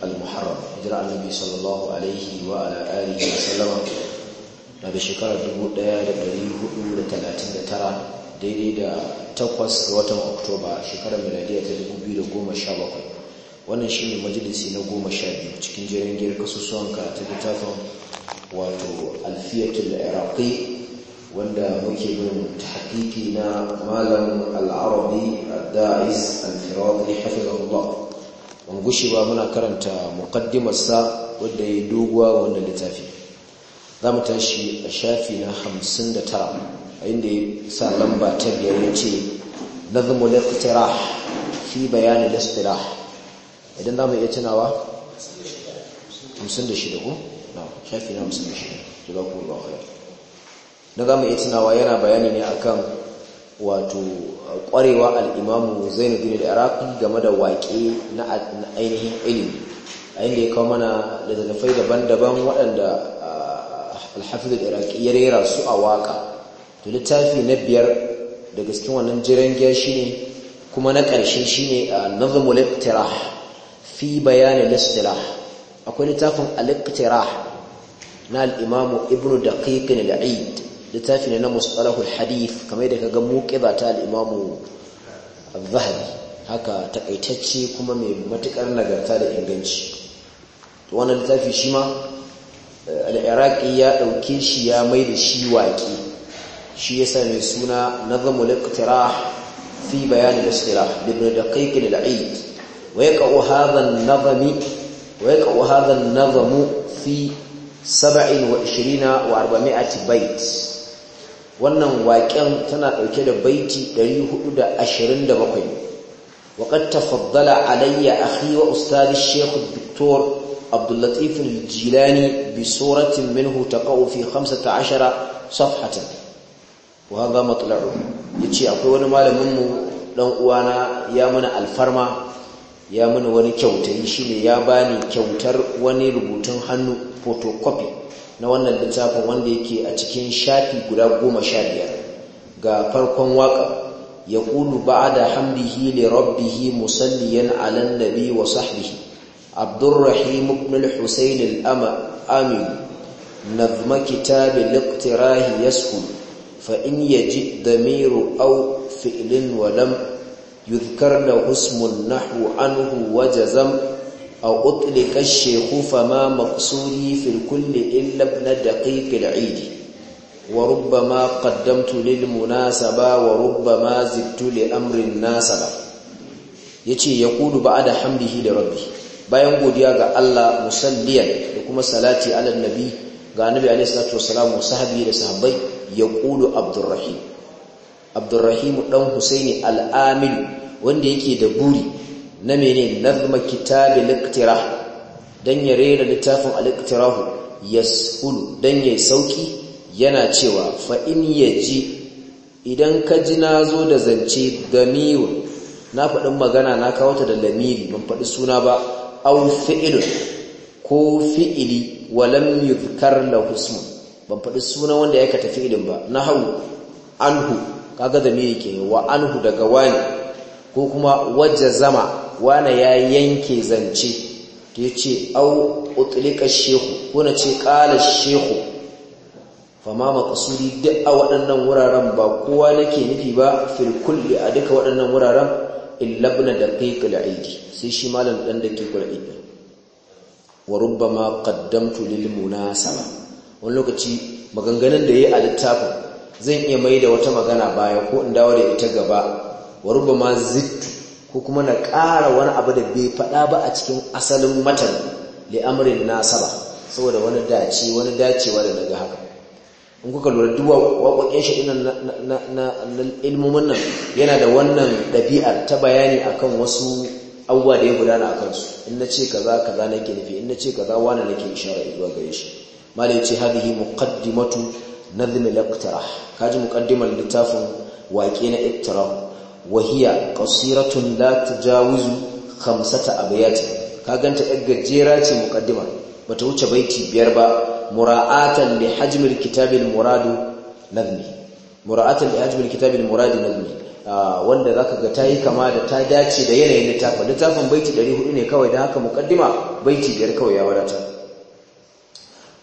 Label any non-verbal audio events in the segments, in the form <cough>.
al-muharram hijira annabi sallallahu alaihi wa ala alihi wa sallama na da shekarar 1439 daidai da 8 ga watan oktoba shekarar miladiya ta 2017 wannan shine majalisi na 12 cikin jerin giyar kasusuwan karatu littafin wato alfiyatul iraqi wanda muke yin tahqiqi na malam al-arabi ad-da'is al-firaqi hafizahullah mu gushe ba muna karanta muqaddimarsa wadda ya doguwa wannan littafi za mu tashi a shafi na 59 a inda ya sa lamba ta biyar ya ce nazmu liqtirah fi bayani al-istirah idan za mu iya tunawa 56 ko na shafi na 56 jazakumullahu khair na za mu iya tunawa yana bayani ne akan wato kwarewa al'imamu da al'iraqi game da waƙe na ainihin ilimi a inda ya kawo mana da tafai daban-daban waɗanda alhafiz iraki ya rera su a waƙa to littafi na biyar daga cikin wannan jiran shine kuma na ƙarshe shine nazmul iqtirah fi bayan al akwai littafin al-iqtirah na al-imamu ibnu daqiq al-aid littafi ne na mustalahul hadith kamar da kaga muqiba ta al-imamu az-zahabi haka takaitacce kuma mai matukar nagarta da inganci to wannan littafi shi ma eh, al-iraqi ya dauke shi ya maida da shi waki shi yasa mai suna nazamul iqtirah fi bayan al-istilah ibn daqiq al-aid wa yaqa'u hadha an-nazami wa yaqa'u hadha an-nazamu fi 27 و wannan waƙen tana ɗauke da baiti 427 waƙar tafaddala alayya akhi wa ustadi shekhu doktor abdullatif jilani bi suratin minhu ta ƙaufi 15 safhatan wa hadha ya ce, akwai wani malamin mu uwana ya mana alfarma ya mana wani kyautai shine ya bani kyautar wani rubutun hannu photocopy na wannan littafin wanda yake a cikin shafi guda goma sha biyar ga farkon waka ya ƙulu ba da hamdihi li rabbihi musalliyan alan nabi wa sahbihi abdurrahim ibn al-husayn al-amin nazma kitab al-iqtirah fa in yaji damiru aw fi'lin wa lam yuzkar lahu ismun nahwu anhu wa jazam أو أطلق الشيخ فما مقصودي في الكل إلا ابن دقيق العيد وربما قدمت للمناسبة وربما زدت لأمر الناسبة يتي يقول بعد حمده لربي bayan godiya ga Allah musalliyan da kuma salati ala nabi ga annabi alaihi salatu wassalam sahabi da sahabbai yaqulu abdurrahim abdurrahim dan husaini al-amil wanda yake da buri na mene nazma kitabi liktirah dan ya rera littafin al ya yasulu dan ya sauki yana cewa fa in yaji idan ka ji nazo da zance gamiwa na faɗin magana na kawo ta da lamiri ban faɗi suna ba aw fi'ilun ko fi'ili walam yuzkar lahu ban faɗi suna wanda ya kata fi'ilin ba na hau anhu kaga zamiri ke wa anhu daga wani ko kuma wajazama wane ya yanke zance ya ce au utlika shehu ko na ce ƙala shehu fama makasuri duk a waɗannan wuraren ba kowa nake nufi ba filkulli a duka waɗannan wuraren illa da da al aiki sai shi malam dan daqiq al aiki wa rubbama lilmu na sama wani lokaci maganganun da ya yi a littafin zan iya mai da wata magana baya ko in dawo da ita gaba wa ma zittu ko kuma na ƙara wani abu da bai faɗa ba a cikin asalin matan li'amrin nasara saboda wani dace wani dacewa da daga haka in kuka lura duk waƙoƙin shi ɗin na ilmumin nan yana da wannan ɗabi'ar ta bayani akan wasu abubuwa da ya gudana a kansu in na ce kaza kaza ke nufi in na ce kaza wani nake ishara zuwa gare shi ya ce hadihi muqaddimatu nazm al-iqtirah kaji muqaddimar littafin waƙe na iqtirah wahiya qasiratun la tujawizu khamsata abyat ka ganta yar gajera ce muqaddima bata wuce baiti biyar ba mura'atan li hajmil kitabil muradu nazmi mura'atan li hajmil kitabil muradu nazmi ah, wanda zaka ga tayi kama da ta dace da yanayin littafin littafin baiti 400 ne kawai dan haka muqaddima baiti biyar kawai ya wadata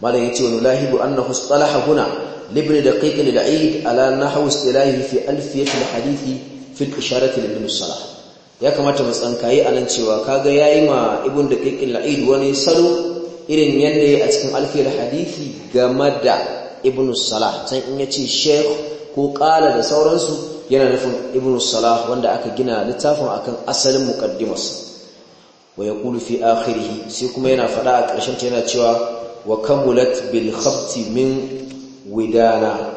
malam yace wa nulahibu annahu salaha huna libni daqiq lil aid ala nahwu istilahi fi alfiyat al hadithi fil isharati lil salah ya kamata mu tsankayi anan cewa kaga yayi ma ibn daqiq al-aid wani salo irin yanda yayi a cikin alfil hadisi game da ibn salah san in yace sheikh ko qala da sauransu yana nufin ibn salah wanda aka gina littafin akan asalin muqaddimas wa yaqulu fi akhirih sai kuma yana fada a ƙarshen ta yana cewa wa kamulat bil khabti min widana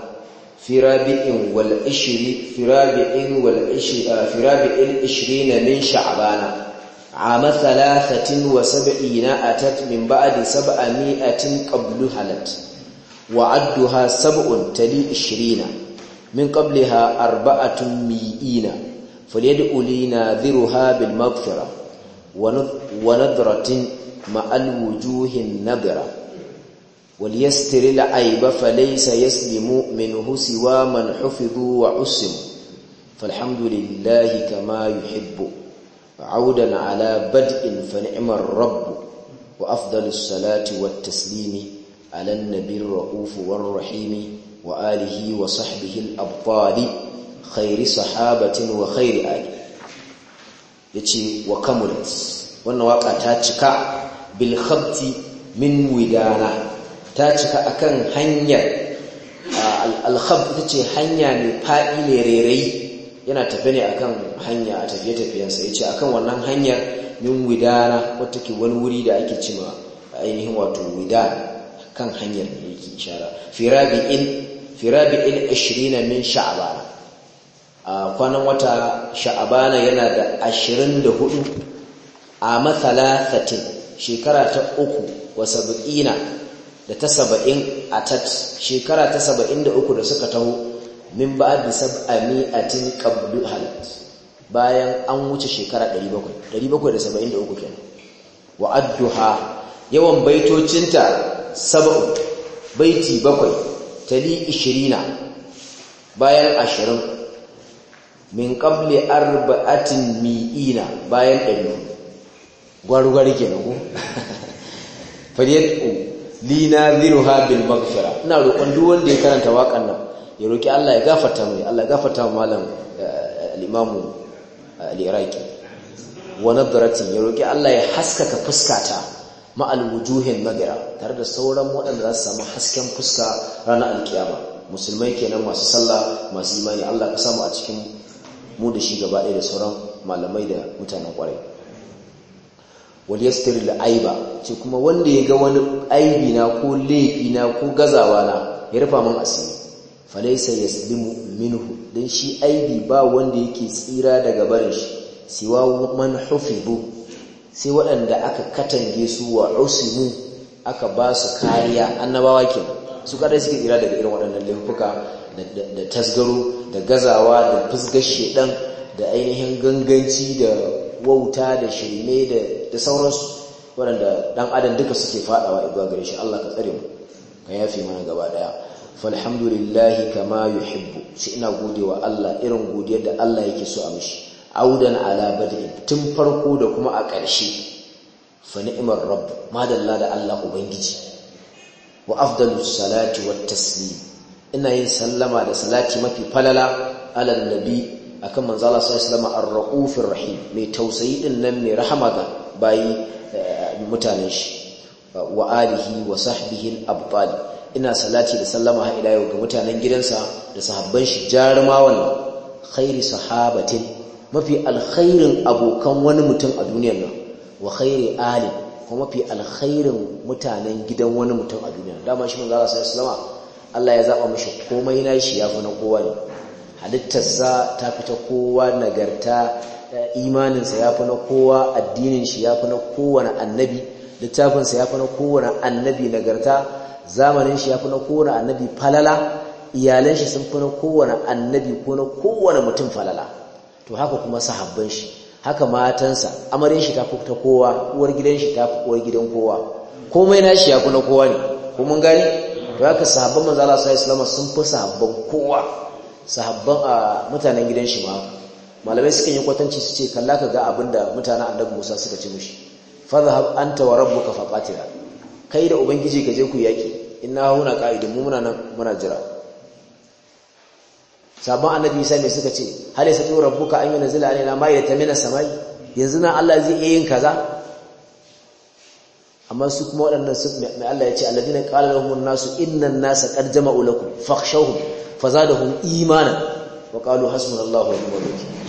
في رابع والعشرين في رابع في رابع العشرين من شعبان عام ثلاثة وسبعين أتت من بعد سبعمائة قبل هلت وعدها سبع تلي عشرين من قبلها أربعة مئين فليدعو لي ناذرها بالمغفرة ونذرة مع الوجوه النذره wal yastiril aiba falaysa yaslimu minhu siwa man hufidu wa usim falhamdulillahi kama yuhibbu عودا على بدء فنعم الرب وأفضل الصلاة والتسليم على النبي الرؤوف والرحيم وآله وصحبه الأبطال خير صحابة وخير آل يتي وكملت وانا واقع تاتشكا بالخبط من ودانا ta cika akan hanyar alkhab ita ce hanya mai faɗi ne rairayi yana tafe ne a kan hanya a tafiye-tafiyensa ya ce a kan wannan hanyar yin widana wata ke wani wuri da ake cima ainihin wato widana kan hanyar da yake ishara in firabi'in na min sha'abana a kwanan wata sha'abana yana da ashirin da hudu a matsala 30 shekara ta uku wa bukina da ta saba'in a tat shekara ta saba'in da uku da suka taho min ba da sab'ani a tin kabdu halat bayan an wuce shekara 700 773 kenan wa adduha yawan baitocinta saba'u baiti bakwai tali 20 bayan 20 min qabli arba'atin mi'ina bayan 100 gwargwar kenan ko <laughs> fadiyatu lina nadhiruha bil maghfira ina roƙon duk wanda ya karanta waƙan nan ya roƙi Allah ya gafarta mai Allah ya gafarta malam eh, al-imamu eh, al-iraqi wa nadratin ya roƙi Allah ya haskaka fuskata ma al-wujuhin nadira tare da sauran waɗanda za su samu hasken fuska ranar alkiyama musulmai kenan masu sallah masu imani Allah ka samu a cikin mu da shi gaba ɗaya da sauran malamai da mutanen ƙwarai wal yastaril aiba ce kuma wanda ya ga wani aibi na ko laifi na ko gazawa na ya rufa min asiri ya yaslimu minhu don shi aibi ba wanda yake tsira daga barin shi siwa man hufibu sai waɗanda aka katange su wa rusimu aka ba su kariya annabawa ke su kada suke tsira daga irin waɗannan laifuka da tasgaro da gazawa da fusgar ɗan da ainihin ganganci da wauta da shirme da sauransu waɗanda ɗan adam duka suke faɗawa igwa gare shi Allah ka tsare mu ka yafe mana gaba ɗaya falhamdulillahi kama yuhibbu Shi ina godewa Allah irin godiyar da Allah yake so a mishi audan ala bad'i tun farko da kuma a ƙarshe fa ni'mar rabb madalla da Allah ubangiji wa afdalus salati wat taslim ina yin sallama da salati mafi falala ala nabi akan Manzala Allah sallallahu alaihi wasallam rahim mai tausayi din nan mai rahama ga bayi eh, mutanen shi wa alihi wa sahbihi al-abdal ina salati da sallama ha ila yau ga mutanen gidansa da sahabban shi jarumawan kairi sahabatin mafi alkhairin abokan wani mutum a duniyar nan wa khairi ali kuma mafi alkhairin mutanen gidan wani mutum a duniyar dama shi manzo Allah sallallahu alaihi wasallam Allah ya zaba mishi komai nashi ya fi na kowa ne halittarsa ta fita kowa nagarta imaninsa ya fi na kowa addinin shi ya fi na kowane annabi littafinsa ya fi na kowane annabi nagarta zamanin shi ya fi na kowane annabi falala iyalan shi sun fi na kowane annabi ko na kowane mutum falala to haka kuma sahabban shi haka matansa amarin shi ta fi ta kowa uwar gidan shi ta fi uwar gidan kowa komai na shi ya fi na kowa ne ko mun gani to haka sahabban manzala Allah sallallahu alaihi wasallam sun fi sahabban kowa sahabban a mutanen gidan shi ma malamai sukan yi kwatanci su ce kalla ka ga abinda mutanen annabi Musa suka ce mushi fadhhab anta wa rabbuka qatila kai da ubangiji ka je ku yaki inna huna qa'idun mu muna nan muna jira sahabban annabi Isa ne suka ce hal yasatu rabbuka an yunzila alaina ma'idatan minas samai yanzu na Allah zai iya yin kaza amma su kuma waɗannan su mai Allah ya ce alladina qala lahum an-nasu innan nasa qad jama'u lakum fakhshawhum fazadahum imanan wa qalu hasbunallahu wa ni'mal wakeel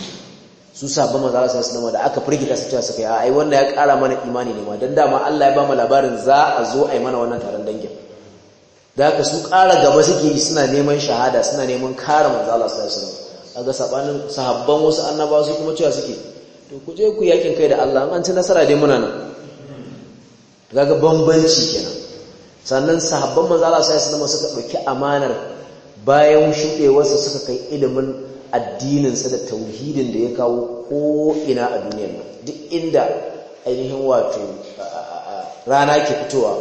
su saba manzo Allah sallallahu alaihi da aka firgita su cewa suka yi ai wannan ya kara mana imani ne ma dan dama Allah ya ba mu labarin za a zo ai mana wannan taron dangin da haka su kara gaba suke suna neman shahada suna neman kara manzo Allah sallallahu alaihi wasallam ga sabanin sahabban wasu annaba su kuma cewa suke to ku je ku yakin kai da Allah an ci nasara dai muna nan kaga bambanci kenan sannan sahabban manzo Allah sallallahu alaihi wasallam suka dauki amanar bayan shuɗewarsa suka kai ilimin addininsa da tauhidin da ya kawo ko'ina a duniyar duk inda ainihin wato rana ke fitowa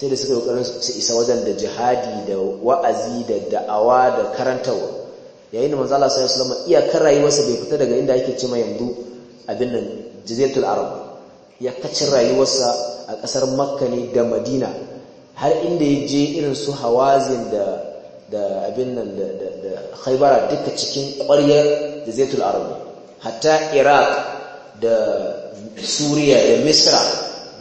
sai da suka yi ƙoƙarin su isa wajen da jihadi da wa'azi da da'awa da karantarwa yayin da manzo Allah sallallahu alaihi iyakar rayuwarsa bai fita daga inda ake cima yanzu abin nan jaziratul arab ya kacin rayuwarsa a ƙasar makka ne da madina har inda ya je irin su hawazin da da abin nan da khaibara duka cikin kwaryar da zaitul arabu hatta iraq da suriya da misra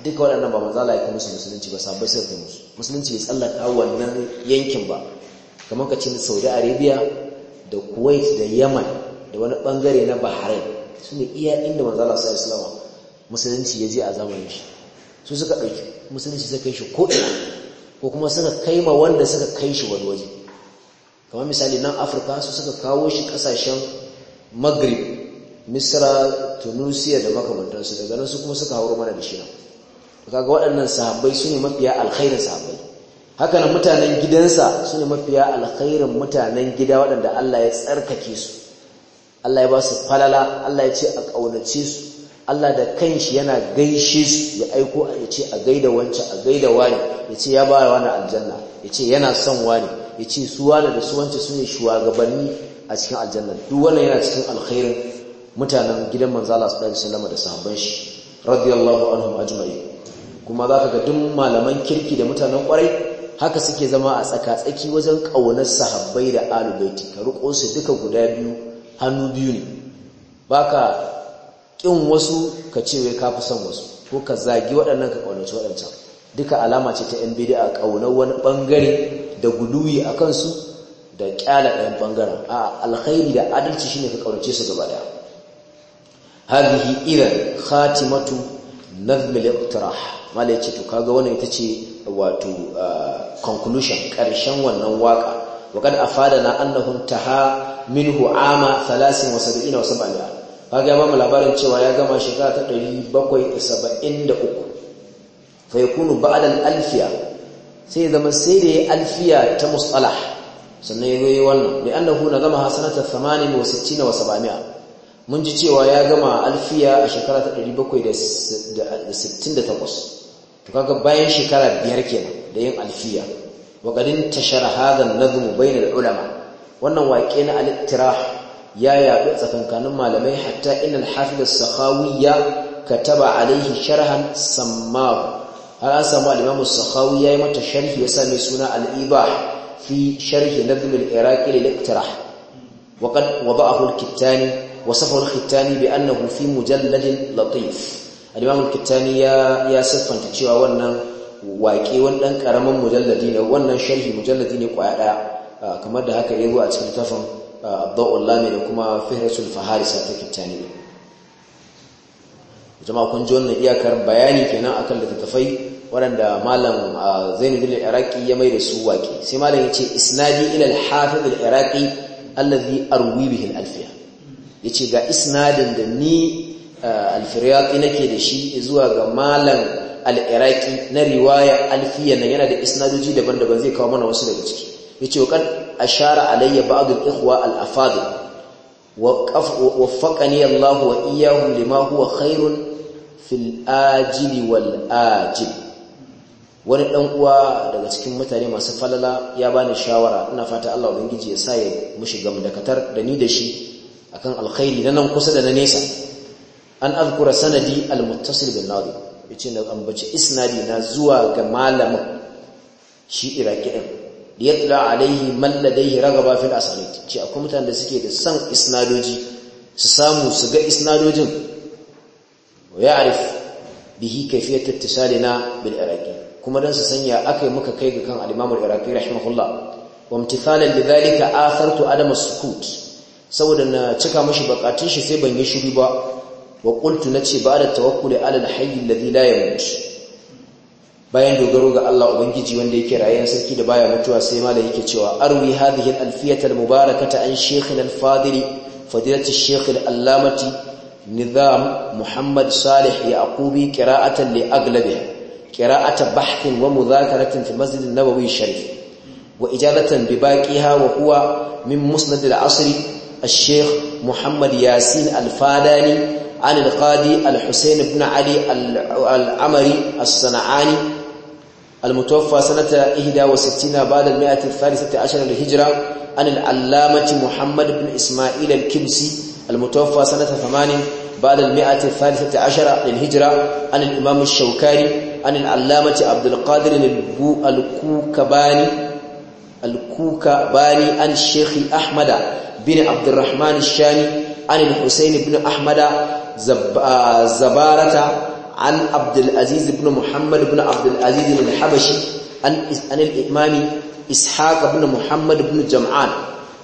duka waɗannan ba manzala ya musu musulunci ba sabai sai musu musulunci bai tsallaka wannan yankin ba kamar kacin saudi arabia da kuwait da yaman da wani bangare na bahrain su ne iya inda manzala sai islama musulunci ya je a zamanin shi su suka ɗauki musulunci suka kai shi ko'ina ko kuma suka kai ma wanda suka kai shi wani waje kamar misali nan afirka su suka kawo shi kasashen maghrib misra tunisia da makamantansu daga nan su kuma suka hauro mana da shirin kaga waɗannan sahabbai su ne mafiya alkhairin sahabbai haka nan mutanen gidansa su ne mafiya alkhairin mutanen gida waɗanda Allah ya tsarkake su Allah ya ba su falala Allah ya ce a ƙaunace su Allah da kanshi yana gaishe su ya aiko ya ce a gaida wancan a gaida wani ya ce ya ba wani aljanna ya ce yana son wani ya ce suwa wane da su su ne shugabanni a cikin aljanna duk wannan yana cikin alkhairin mutanen gidan Manzala su ɗari salama da sahabban shi radiyallahu anhum ajma'i kuma zaka ga duk malaman kirki da mutanen ƙwarai haka suke zama a tsaka-tsaki wajen ƙaunar sahabbai da alubaiti ka riko su duka guda biyu hannu biyu ne Ba ka ƙin wasu ka ce wai ka fi son wasu ko ka zagi waɗannan ka ƙaunarci waɗancan duka alama ce ta yan a ƙaunar wani bangare da guduwi a kansu da ƙyala ɗayan bangaren a alkhairi da adalci shine ka kaunace su gaba daya hadhihi iran khatimatu nazm al mala ya ce to kaga wani ita ce wato ah, conclusion karshen wannan waka wa afada na annahu hu'ama minhu ama 73 wa 70 kaga ya ba mu labarin cewa ya gama shekara ta ɗari bakwai da uku. Faikunu yakunu ba'da alfiya sai zama sai da ya alfiya ta musalah sannan ya yi wannan li annahu nazama hasanata 68 wa 700 mun ji cewa ya gama alfiya a shekara ta 768 to kaga bayan shekara biyar kenan da yin alfiya wa qadin tashara hadha an-nazm ulama wannan waƙe na al-ittirah ya yaɗu tsakankanin malamai hatta inal hafiz as-sakhawi ya kataba alaihi sharhan sammahu har an samu al-Imam as-Sakhawi yayi mata sharhi ya same suna al-Ibah fi sharh Nazm al-Iraqi lil-Iqtirah wa qad wada'ahu al-Kittani wa safahu al-Kittani bi annahu fi mujalladin latif al-Imam al-Kittani ya ya siffanta cewa wannan waƙe wani ɗan ƙaramin mujalladi ne wannan sharhi mujalladi ne kwaya ɗaya ah, kamar da haka ya zo a cikin abdul ah, Abdullahi da kuma Fihratul Faharisa ta Kittani jama'a kun ji wannan iyakar bayani kenan akan littattafai waɗanda malam ah, Zainuddin al-Iraqi ya mai da su waƙi sai malam ya ce isnadi ila al-hafiz al-Iraqi allazi arwi bihi al-alfiya yace ga isnadin da ni ah, al-Firyaqi nake da shi zuwa ga malam al-Iraqi na riwaya alfiya nan yana da isnadoji daban-daban zai kawo mana wasu daga ciki yace kan ashara alayya ba'd al-ikhwa al-afadil ووفقني الله وإياهم لما هو fil ajili wal ajil wani dan uwa daga cikin mutane masu falala ya bani shawara ina fata Allah ubangiji ya sa ya mushi gamdakatar da ni da shi akan alkhairi na nan kusa da na nesa an azkura sanadi al-muttasil bin nadi yace na ambaci isnadi na zuwa ga malamin shi iraki din liyatla alaihi man ladayhi ragaba fil asanid ce akwai mutanen da suke da san isnadoji su samu su ga isnadojin ويعرف به كيفيه اتصالنا بالعراقي كما دان سانيا اكاي kai ga kan الامام العراقي رحمه الله وامتثالا لذلك اثرت adama السكوت saboda na cika mashi bakatun shi sai ban yi shiru ba wa na ce ba da tawakkuli ala al-hayy alladhi la yamut bayan dogaro ga Allah ubangiji wanda yake rayuwar sarki da baya mutuwa sai ma da yake cewa arwi hadhihi al-alfiyata al-mubarakata an shaykh al-fadili fadilati shaykh al nizam muhammad salih yaqubi qira'atan li aglabi qira'ata bahthin wa mudhakaratin fi masjid an-nabawi sharif wa ijabatan bi baqiha wa huwa min musnad asri الشيخ محمد ياسين الفاداني عن القاضي الحسين بن علي العمري الصنعاني المتوفى سنة 61 بعد المئة الثالثة عشر للهجرة عن العلامة محمد بن إسماعيل الكبسي المتوفى سنة 8 بعد المئة الثالثة عشرة للهجرة عن الإمام الشوكاني عن العلامة عبد القادر الكوكباني الكوكباني عن الشيخ أحمد بن عبد الرحمن الشامي عن الحسين بن أحمد زب... زبارة عن عبد العزيز بن محمد بن عبد العزيز الحبشي عن, عن الإمام إسحاق بن محمد بن جمعان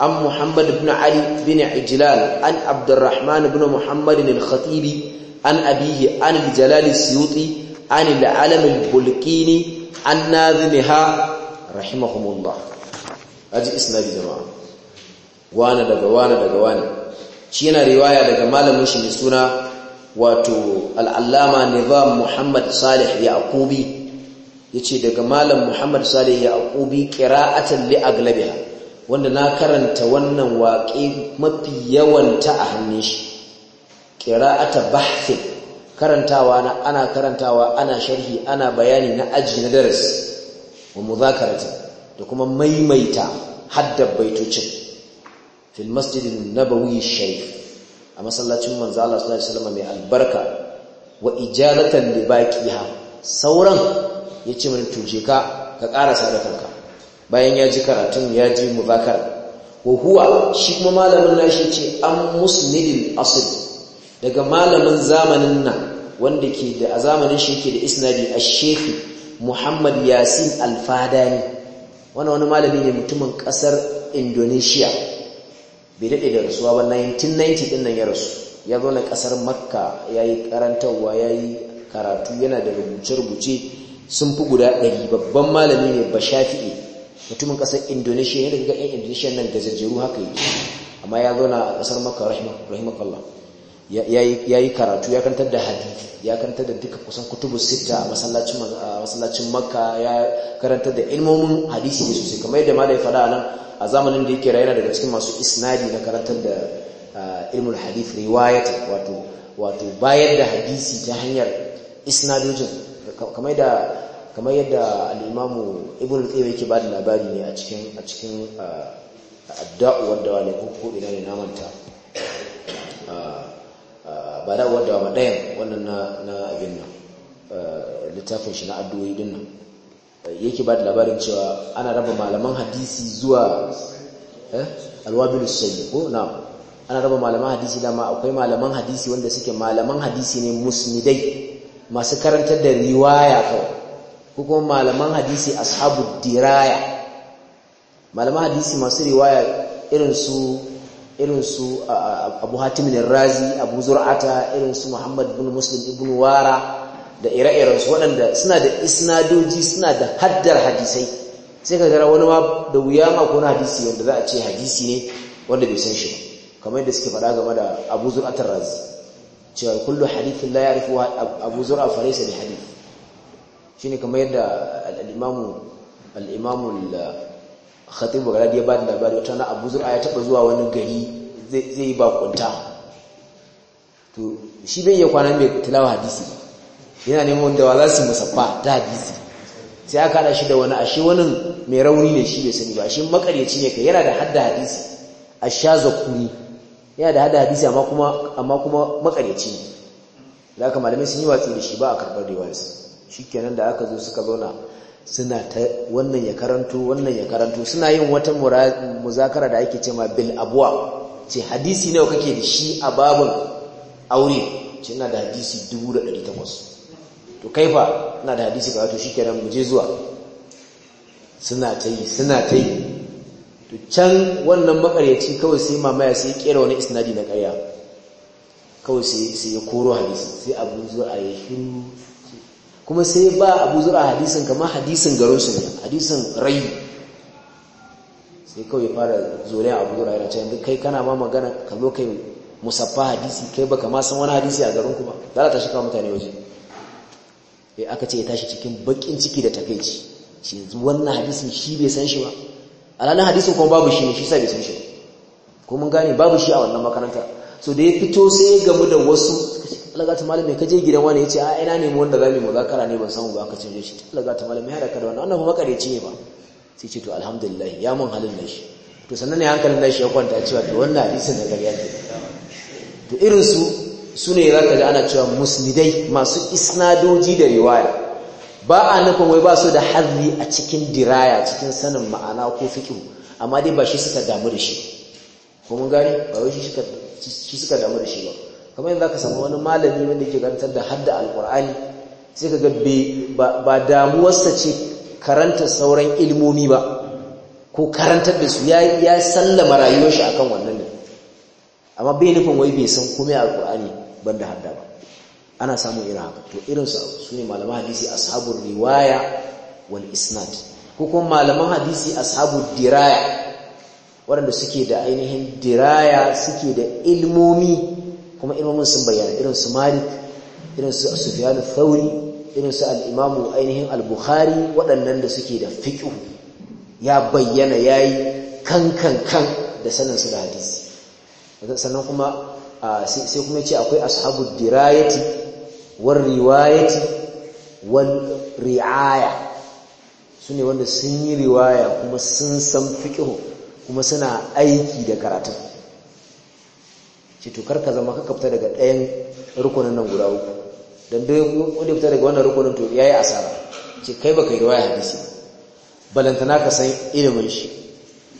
عن محمد بن علي بن عجلال عن عبد الرحمن بن محمد الخطيبي عن أبيه عن الجلال السيوطي عن العلم البلكيني عن ناظمها رحمهم الله أجي إسناد جماعة وانا دقا وانا دقا وانا شينا رواية دقا مالا مش مسونا واتو العلامة نظام محمد صالح يعقوبي يتي دقا مالا محمد صالح يعقوبي قراءة لأغلبها wanda na karanta wannan waƙe mafi yawanta a hannun shi ƙira'ata bahfin karantawa na ana karantawa ana sharhi ana bayani na aji na darasi wa muzakarata da kuma maimaita haddab baitocin fil masjidin nabawi sharif a masallacin Manzala suna sallallahu mai albarka wa ijalatan li ha. sauran yace mun tuje ka ka ƙara da kanka bayan ya ji karatun ya ji muzakar wa huwa shi kuma malamin nashi ce an musnidil asir daga malamin zamanin nan wanda ke da a zamanin shi ke da isnadi a sheikh Muhammad Yasin alfadani fadani wani wani malami ne mutumin kasar Indonesia bai dade da rasuwa ba 1990 din nan ya rasu ya zo na kasar Makka karantarwa ya yi karatu yana da rubuce-rubuce sun fi guda ɗari. babban malami ne ba Bashafi'i mutumin kasar indonesia ne daga yan indonesia nan gajajjeru haka yi amma ya zauna a kasar maka rahimakallah ya yi karatu ya kantar da hadith ya kantar da duka kusan kutubu sita a masallacin maka ya karantar da ilmomin hadisi ne sosai kamar yadda ma da ya faɗa nan a zamanin da yake rayuwa daga cikin masu isnadi na karantar da ilmul hadith riwayata wato wato bayar da hadisi ta hanyar isnadojin kamar da kamar yadda al'imamu ibn tsaye yake ba da labari ne a cikin a cikin adda'u wanda wani ne ko ne manta ba da wadda wa ɗayan wannan na abin nan littafin shi na addu'o'i din nan yake ba da labarin cewa ana raba malaman hadisi zuwa eh, alwabilu shayi ko na ana raba malaman hadisi dama akwai malaman hadisi wanda suke malaman hadisi ne musnidai masu karantar da riwaya kawai ko kuma malaman hadisi ashabu diraya malaman hadisi masu riwaya irin su irin su abu hatimin razi abu zur'ata irin muhammad bin muslim ibn wara da ire-iren su waɗanda suna da isnadoji suna da haddar hadisai sai ka gara wani ma da wuya ma kuna na hadisi wanda za a ce hadisi ne wanda bai san shi kamar yadda suke faɗa game da abu zur'atar razi cewa kullum hadithin la ya'rifu abu zur'a falaysa da hadith shine kamar yadda al-imamu al-imamu khatib ya ba da labari wata na abu zur'a ya taba zuwa wani gari zai yi bakunta to shi bai iya kwana mai tilawa hadisi yana neman wanda wa za su musaffa ta hadisi sai aka hada shi da wani ashe wani mai rauni ne shi bai sani ba ashe makaryaci ne kai yana da hadda hadisi sha zakuni yana da hadda hadisi amma kuma amma kuma makaryaci ne da haka malamai sun yi watsi da shi ba a karɓar riwayarsa shikenan da aka zo suka zauna suna ta wannan ya karanto wannan ya karanto suna yin wata muzakara da ake cewa bil abwa ce hadisi nawa kake da shi a babun aure ce na da hadisi 1800 to kaifa ina da hadisi kaza wato shikenan mu je zuwa suna ta yi suna ta yi to can wannan makaryaci kawai sai mamaya sai kera wani isnadi na ƙarya kawai sai ya koro hadisi sai abun zuwa a yi shiru kuma sai ba abu zura hadisin kama hadisin garinsu ne hadisin rai sai kawai fara zuriya abu zura yana cewa kai kana ma magana ka zo kai musaffa hadisi kai baka ma san wani hadisi a garinku ba za ta kawo mutane waje eh aka ce ya tashi cikin bakin ciki da takaici shi yanzu wannan hadisin shi bai san shi ba alalan hadisin kuma babu shi ne shi sa bai san shi ba ko mun gane babu shi a wannan makaranta so da ya fito sai ya gamu da wasu alaga ta malam kaje gidan wani yace a ina ne mu wanda zamu muzakara ne ban samu ba aka cinje shi alaga ta malam ya raka da wannan annabi ba makareci ne ba sai ce to alhamdulillah ya mun halin nashi to sannan ne hankalin nashi ya kwanta cewa to wannan hadisi na gariya ne to irin su sune zaka ji ana cewa musnidai masu isnadoji da riwaya ba a nufin wai ba su da harri a cikin diraya cikin sanin ma'ana ko fikihu amma dai ba shi suka damu da shi ko mun gani ba wai shi suka damu da shi ba kamar yadda ka samu wani malami wanda ke karantar da hadda alkur'ani sai ka ga ba damuwarsa ce karanta sauran ilmomi ba ko karantar da su ya sallama rayuwar shi akan wannan ne amma bai nufin wai bai san kome alkur'ani ban da hadda ba ana samun irin haka to irin su ne malaman hadisi a sabon riwaya wal isnad ko kuma malaman hadisi sabon diraya waɗanda suke da ainihin diraya suke da ilmomi kuma imamun sun bayyana irin su malik irin su sufyan thauri irin su al-imamu ainihin al-bukhari waɗannan da suke da fiqh ya bayyana yayi kankan kan da sanin su da hadisi sannan kuma sai kuma ce akwai ashabud dirayati war riwayati wal riaya sune wanda sun yi riwaya kuma sun san fiqh kuma suna aiki da karatun ce to karka zama kaka fita daga ɗayan rukunin nan guda uku dan dai wanda fita daga wannan rukunin to yi asara ce kai baka yi riwaya hadisi balantana ka san ilimin shi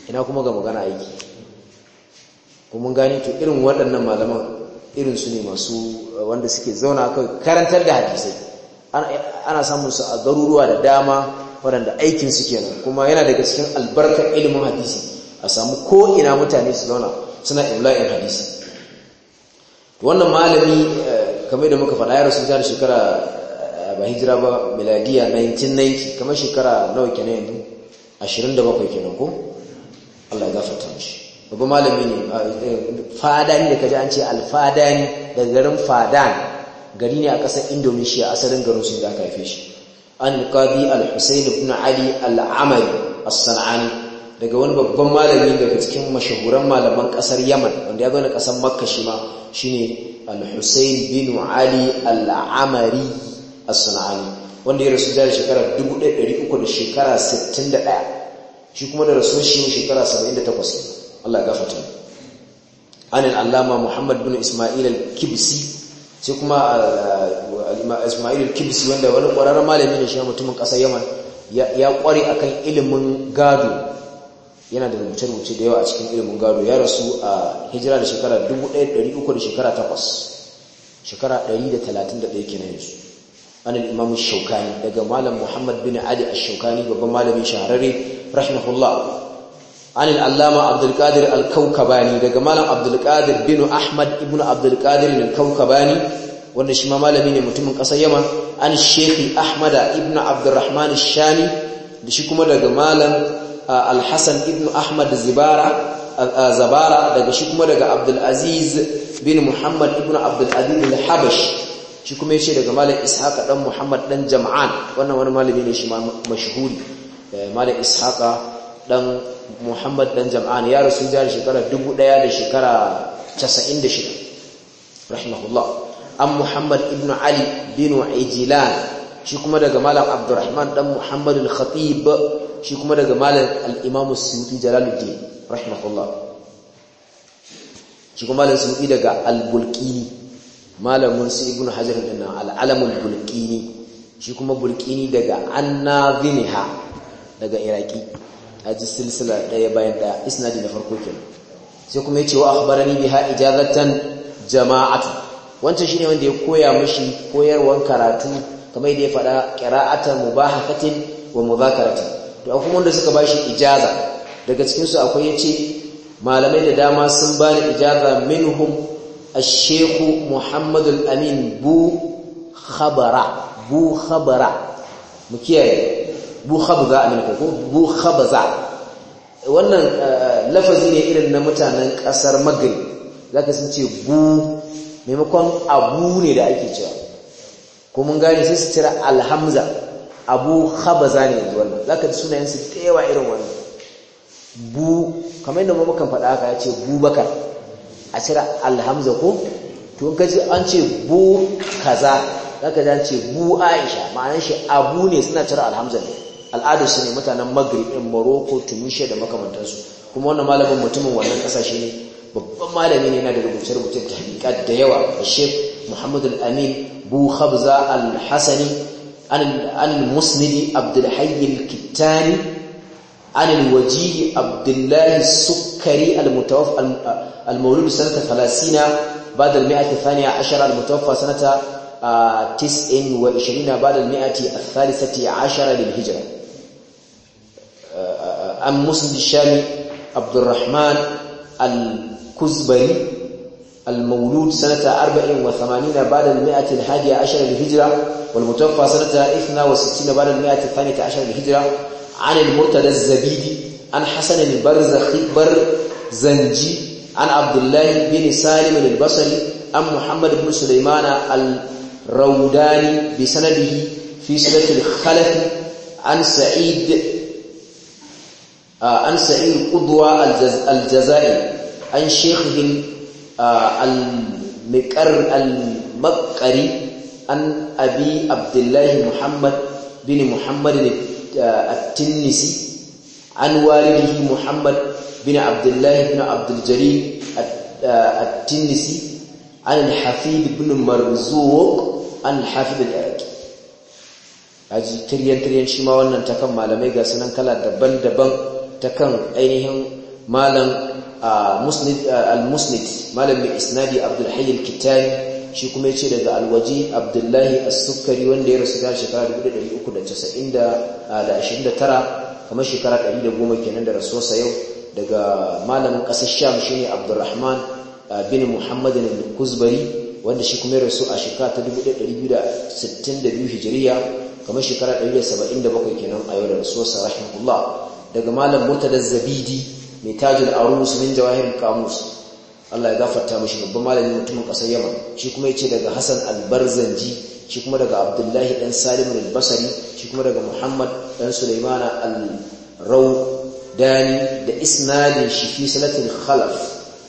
ina kuma ga magana aiki kuma mun gane to irin waɗannan malaman irin su ne masu eh, wanda suke zauna kai karantar da hadisai ana samun su a garuruwa da dama waɗanda aikin su kenan kuma yana daga cikin albarkar ilimin hadisi a samu ko ina mutane su zauna suna imla'in hadisi wannan malami eh, kamar da muka faɗa ya rasu ta shekara eh, ba hijira ba miladiya 1990 kamar shekara nawa kenan yanzu 27 kenan ko Allah ya gafarta mishi babban malami ne eh, fadani da kaji an ce alfadani daga garin fadan gari ne a ƙasar indonesia asalin garin sun da aka haife shi an qadi al-husayn ibn ali al-amali as-sanani daga wani babban malami daga cikin mashahuran malaman ƙasar yaman wanda ya zo na ƙasar makka shi ma shine al-Husayn bin Ali al-Amari as-Sanani wanda ya rasu da shekara 1300 da shekara 61 shi kuma da rasu shi shekara 78 Allah ya gafarta an al-Allama Muhammad bin Isma'il al-Kibsi sai kuma uh, al-Isma'il al-Kibsi wanda wani ƙwararren malami ne shi mutumin ƙasar Yaman ya ƙware akan ilimin gado yana da rubuce-rubuce da yawa a cikin ilimin gado ya rasu a hijira da shekara 1300 da shekara 8 shekara 131 kenan yanzu an al-imam shaukani daga malam muhammad bin adi a shaukani babban malamin shahararre rahimahullah an al-allama abdul qadir al-kaukabani daga malam abdul qadir bin ahmad ibn abdul qadir al-kaukabani wanda shi ma malami ne mutumin kasar yaman an shaykh ahmad ibn abdurrahman ash-shami da shi kuma daga malam al-Hasan ibn Ahmad Zibara Zabara daga shi kuma daga Abdul Aziz bin Muhammad ibn Abdul Aziz al-Habash shi kuma yace daga Malik Ishaq dan Muhammad dan Jam'an wannan wani malami ne shi mashhuri Malik Ishaq dan Muhammad dan Jam'an ya rasu jihar shekara 1000 da shekara 96 rahimahullah an Muhammad ibn Ali bin Ijlan shi kuma daga Malam Abdurrahman dan Muhammad al-Khatib shi kuma daga malam al Suyuti Jalaluddin rahimahullah shi kuma malam Suyuti daga al-Bulqini malamin su Ibn Hajar dana al bulkini al-Bulqini shi kuma Bulqini daga An-Nadhimha daga Iraki aji silsila daya bayan daya isnadi na farko kenan sai kuma yace wa akhbarani biha ijazatan jama'atu wancan shine wanda ya koya mishi koyarwan karatu kamar yadda ya faɗa qira'atan mubahafatin wa mudhakaratin To da kuma wanda suka ba shi ijaza daga cikin su akwai yace malamai da dama sun bani ijaza minhum ash-sheikh Muhammad al-Amin bu khabara bu khabara mu kiyaye bu khabza amin ko bu khabza wannan eh, lafazi ne irin na mutanen kasar Maghrib zaka sun ce bu maimakon abu ne da ake cewa ko mun gane sai su cira alhamza abu habaza ne yanzu wannan za ka ji sunayensu da yawa irin wannan bu kamar yadda mukan faɗa aka ya ce bu bakar a cira alhamza ko to in ka ji an ce bu kaza za ka ji an ce bu aisha ma'anar shi abu ne suna cira alhamza ne al'adu su ne mutanen maghrib din morocco tunisia da makamantansu kuma wannan malamin mutumin wannan kasashe ne babban malami ne yana da rubuce-rubuce tahqiqat da yawa sheikh muhammadu al-amin bu khabza al-hasani عن المسند عبد الحي الكتاني عن الوجيه عبد الله السكري المتوفى المولود سنة 30 بعد المئة الثانية عشر المتوفى سنة تسع وعشرين بعد المئة الثالثة عشر للهجرة عن مسند الشامي عبد الرحمن الكزبري المولود سنة 84 بعد المئة الحادية عشر للهجرة والمتوفى سنة 62 بعد المئة الثانية عشر للهجرة عن المرتد الزبيدي عن حسن البرزخي برزنجي عن عبد الله بن سالم البصري عن محمد بن سليمان الروداني بسنده في سنة الخلف عن سعيد عن سعيد قدوة الجزائري عن شيخه al-makari an abi abdullahi muhammad bin muhammad at-tinnisi an walidihi muhammad bin abdullahi bin abdul-jari at-tinnisi an al-hafid bin marzuq an al-hafid al-iraqi aji tiryan-tiryan shi ma wannan ta kan malamai ga sunan kala daban-daban ta kan ainihin malam musnid al-musnid malamin isnadi abdul hayy al-kitani shi kuma yace daga alwaji abdullahi as-sukkari wanda ya rasu da shekara 1329 kamar shekara 110 kenan da rasuwarsa yau daga malamin kasar sham shine abdurrahman bin muhammad al-kuzbari wanda shi kuma ya rasu a shekara ta 1262 hijiriya kamar shekara 177 kenan a yau da rasuwarsa rahimahullah daga malam mutadaz zabidi mai tajul arus min jawahir kamus Allah ya gafarta mishi babban malamin mutumin kasar Yaman shi kuma yace daga Hassan al-Barzanji shi kuma daga Abdullahi dan Salim al-Basri shi kuma daga Muhammad dan Sulaimana al-Rawdani da isnadin shi fi salatin khalaf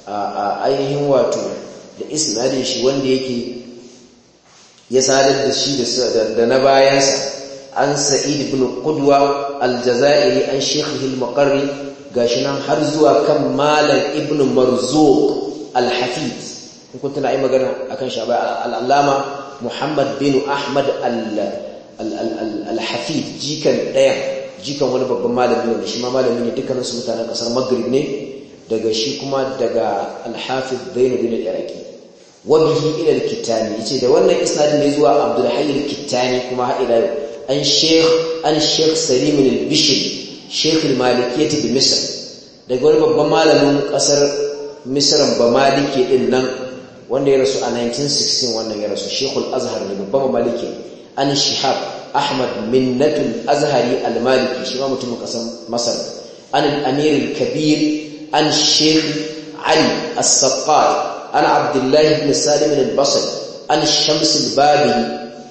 a ainihin wato da isnadin shi wanda yake ya sadar da shi da na bayansa an Sa'id ibn Qudwa al-Jazairi an Sheikh al-Muqarri gashi nan har zuwa kan malam ibn marzuq al-hafiz in kun tana yi magana akan shi al-allama muhammad bin ahmad al-hafiz jikan daya jikan wani babban malami ne shi ma malami ne dukkanin su mutanen kasar maghrib ne daga shi kuma daga al-hafiz bin al-iraqi wa bihi ila al-kitani yace da wannan isnadin ne zuwa abdul hayy al-kitani kuma har ila an sheikh an sheikh salim al-bishri shekul malikiyati da misir daga wani babban malamin kasar misiran ba maliki din nan wanda ya rasu a 1916 wannan ya rasu shekul azhar ne babban maliki an shihab ahmad minnatul azhari al-maliki shi ma mutumin kasar masar an amir kabir an shekul علي السقاي عن عبد الله بن سالم البصري عن الشمس an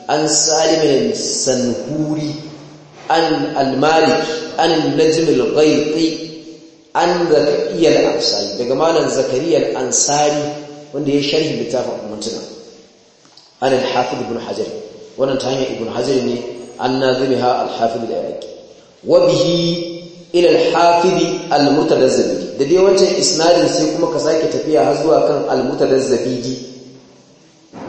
عن سالم السنهوري an al-malik an najm al-ghaiti an zakariya al-ansari daga malam zakariya al-ansari wanda ya sharhi littafin mutuna an al-hafiz ibn hajar wannan ta hanyar ibn hajar ne an nazimiha al-hafiz al-iraqi wa bihi ila al-hafiz al-mutadazzabidi da dai wancan isnadin sai kuma ka sake tafiya har zuwa kan al-mutadazzabidi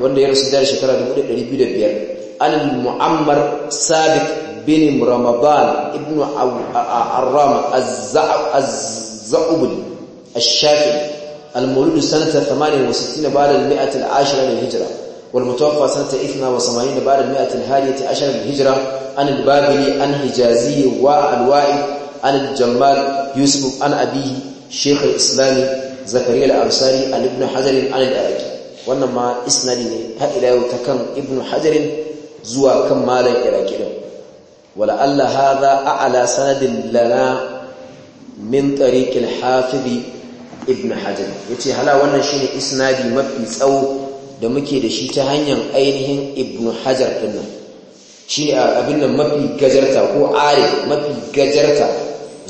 wanda ya rasu da shekara 1205 an al-mu'ammar sadiq bin Ramadan ibn Arram az-Za'ub al-Shafi'i al-Mawlid sanata 68 ba'd al-mi'at al-ashara min al-Hijra wal-mutawaffa sanata 82 ba'd al-mi'at al-hadiyati ashara min al-Hijra an al-Babili an Hijazi wa al-Wa'id an al Yusuf an Abi Sheikh al-Islam Zakariya al-Ansari an Ibn Hajar an al-Araki wannan ma isnadi ne har ila kan Ibn Hajar zuwa kan malam Iraki din wala Allah hadha a'la sanadin lana min tariqil ibn hajar yace hala wannan shine isnadi mafi tsawo da muke da shi ta hanyar ainihin ibn hajar dinnan shi abin nan mafi gajarta ko ari mafi gajarta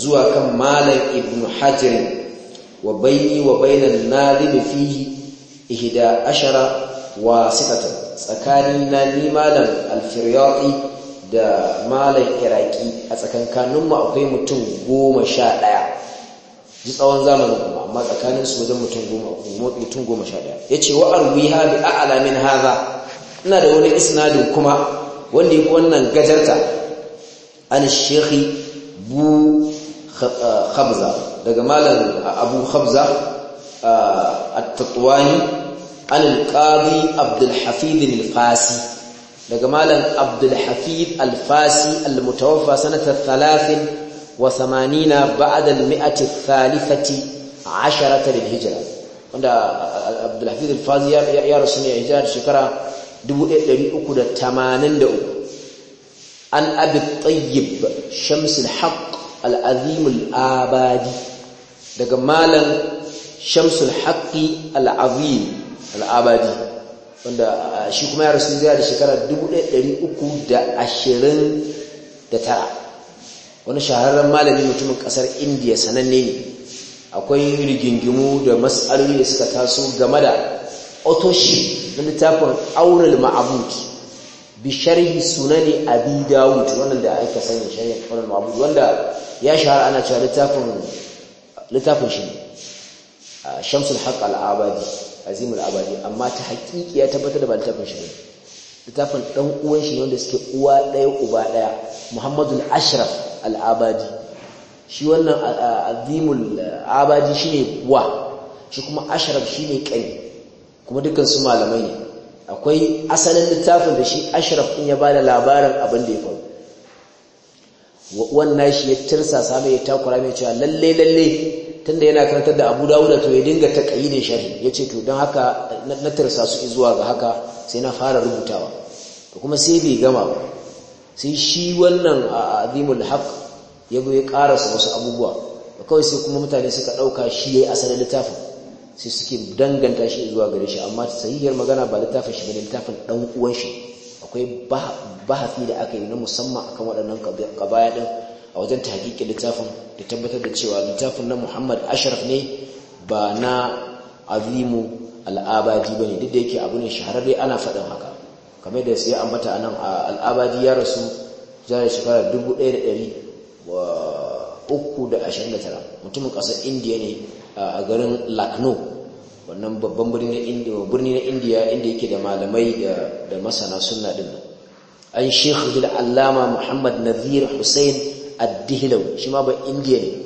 zuwa kan malam ibn hajar wa bayni wa bainal nadim fihi ihda ashara wa sitatan tsakanin na malam al da malam iraki a tsakankaninmu akwai mutum goma sha ɗaya ji tsawon zamanin kuma amma tsakaninsu wajen mutum goma sha ɗaya ya ce wa arwiha bi a'lamin haza ina da wani isnadin kuma wanda yake wannan gajarta an shekhi bu khabza daga malam abu khabza a tattwani an alƙadi abdulhafidin fasi daga malam abdul hafiz al-fasi al-mutawaffa sanata 83 ba'da al-mi'ati thalithati 10 lil hijra wanda uh, abdul hafiz al-fasi ya rasu ne a hijira shekara 1383 an abi tayyib shamsul haq al-azim al-abadi daga malam shamsul al-haqi al-azim al-abadi wanda shi kuma ya rasu zai da shekara 1329 wani shahararren malami mutumin kasar indiya sananne ne akwai rigingimu da matsaloli da suka taso game da otoshi na littafin auril ma'abud bi sharhi sunani abi dawud wannan da aka sani sharhi auril ma'abud wanda ya shahara ana cewa littafin littafin shi shamsul haqq al-abadi azimul abadi amma ta haƙiƙi ya tabbatar da ba shi ne littafin ɗan uwan shi wanda suke uwa ɗaya uba ɗaya Muhammadu ashraf al abadi shi wannan azimul abadi shi ne wa shi kuma ashraf shi ne kuma dukkan su malamai ne akwai asalin littafin da shi ashraf in ya ba da labarin abin da ya faru wannan shi ya tirsa sami ya takura mai cewa lalle lalle tunda yana karantar da Abu Dawud to ya dinga ta shari ya ce to don haka na tirsa su zuwa ga haka sai na fara rubutawa to kuma sai bai gama ba sai shi wannan azimul haq ya zo ya karasa wasu abubuwa kawai sai kuma mutane suka dauka shi yayi asalin littafin sai suke danganta shi zuwa gare shi amma sahihiyar magana ba littafin shi ne littafin dan uwan shi akwai bahasi da aka yi na musamman akan waɗannan ƙabaya ɗin a wajen ta tahqiqin littafin da tabbatar da cewa littafin na Muhammad Ashraf ne ba na azimu al'abadi ba ne duk da yake abu ne shahararre ana faɗin haka kamar da su ya ambata a nan al'abadi ya rasu zai shekara 1329 mutumin ƙasar indiya ne a garin lakno wannan babban birni na indiya indiya inda yake da malamai da masana sunna din an shekhu bil allama muhammad nazir hussein ad-dihlawi shi ma ba indiya ne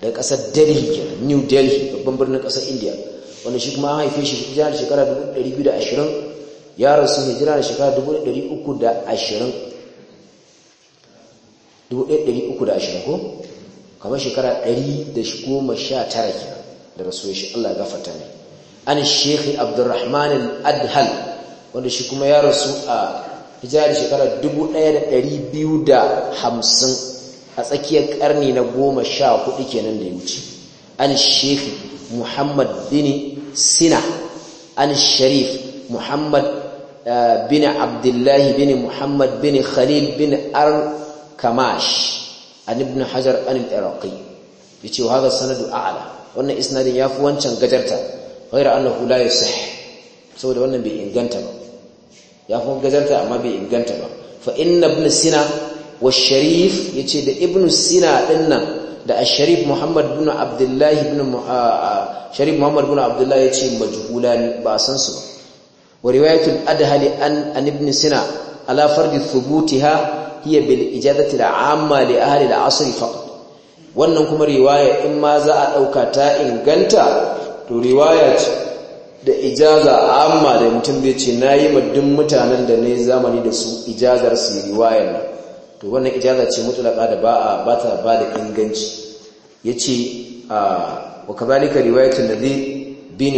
da kasar delhi new delhi babban birnin kasar indiya wanda shi kuma an haife shi hijira da shekara 220 ya rasu hijira da shekara 320 ko kamar shekara 119 da rasuwa shi Allah ga gafarta ne an shekhi abdurrahman al-adhal wanda shi kuma ya rasu a biyu shekarar 1250 a tsakiyar karni na 14 kenan da ya wuce an shekhi muhammad bin sina an sharif muhammad bin abdullahi bin muhammad bin khalil bin arkamash an ibn hajar an al-iraqi yace wa hada sanadu a'la wannan isnadin yafi wancan gajarta ghayra annahu la yasih saboda wannan bai inganta ba ya kuma gazarta amma bai inganta ba fa inna ibn sina wa sharif yace da ibn sina dinnan da ah, ah, Sharif muhammad ibn abdullah ibn sharif muhammad ibn abdullah yace majhulani ba san su wa riwayatul adhali an an ibn sina ala fardi thubutiha hiya bil ijazati al-amma li ahli al-asr faqat wannan kuma riwaya in ma za a dauka ta inganta to riwaya ce da ijaza amma da mutum zai ce na yi duk mutanen da ne zamani da su ijazar su riwayar na to wannan ijaza ce mutulaka da ba a ba ta ba da inganci ya ce a ah, wakazalika riwayatin da zai bin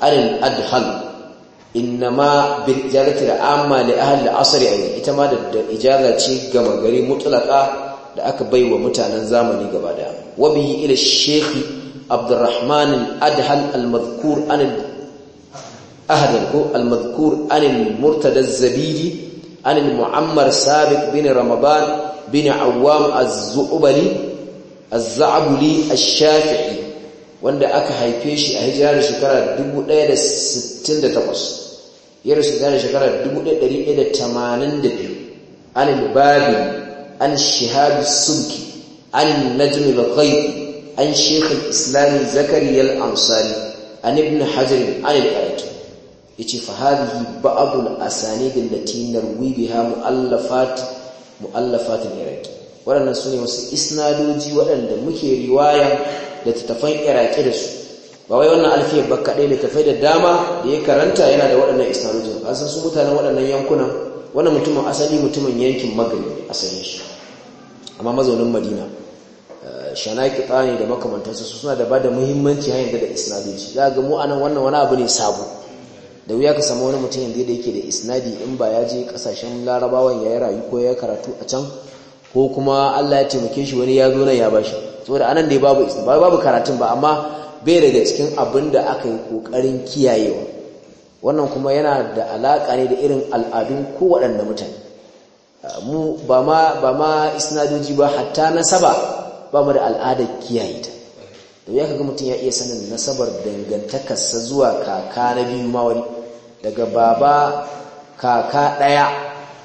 arin adhal innama bin ijazati da amma li ahli asri ayi ita ma da ijaza ce gama gari mutulaka da aka bai wa mutanen zamani gaba daya wabi ila shekhi abdurrahman al-adhal al-madhkur an al-ahdal ko al-madhkur an al-murtada az-zabidi an al-muammar sabiq bin ramadan bin awwam az-zu'bali az wanda aka haife shi a hijirar shekara 1068 ya rasu da shekarar 1182 an al-babi an shihab as an najm al-ghaib an shekul islami zakariyar amsari an ibn hajjarin an ilkaratu ya ce fahadihi a sani da latinar wibiha mu'allafatin iraki waɗannan su ne wasu isnadoji waɗanda muke riwaya da tattafan iraki da su ba wai wannan alfiyar ba kaɗai da tafai da dama da ya karanta yana da waɗannan isnadojin a san su mutanen waɗannan yankunan wannan mutumin asali mutumin yankin magani asalin shi amma mazaunin madina shanaki tsani da makamantansu suna da ba da muhimmanci hanyar da isnadi shi za ga mu anan wannan wani abu ne sabo da wuya ka samu wani mutum yanzu da yake da isnadi in ba ya je kasashen larabawan ya yi rayu ko ya karatu a can ko kuma Allah ya taimake shi wani ya zo nan ya bashi saboda anan da babu isnadi babu karatun ba amma bai daga cikin abin da aka yi kokarin kiyayewa wannan kuma yana da alaka ne da irin al'adun kowaɗanne mutane mu ba ma ba isnadoji ba hatta na saba. ba mu da al'adar kiyaye ta to ya kaga mutum ya iya sanin nasabar dangantakarsa zuwa kaka na biyu ma wani daga baba kaka ɗaya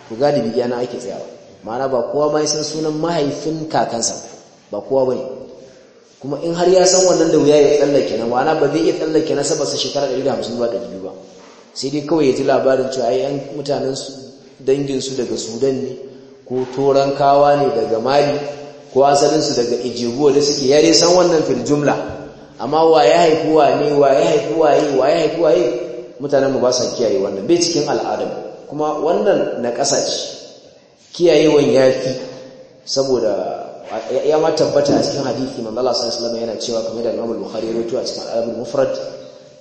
to galibi yana ake tsayawa ma'ana ba kowa ma ya san sunan mahaifin kakansa ba kowa bane kuma in har ya san wannan da wuya ya tsallake na ma'ana ba zai iya tsallake na sabarsa shekara 150 ba da biyu ba sai dai kawai ya ji labarin cewa ai yan mutanen su daga sudan ne ko torankawa ne daga mali ko asalinsu daga ijibuwa da suke yare san wannan fil jumla amma wa ya haifi wa ne wa ya haifi wa yi wa ya haifi wa yi mutanen mu ba sa kiyaye wannan bai cikin al'adam kuma wannan na ƙasa ce kiyayewan ya fi saboda ya ma tabbata a cikin hadithi manzo Allah sallallahu yana cewa kamar da Imam Bukhari rawaito a cikin al mufrad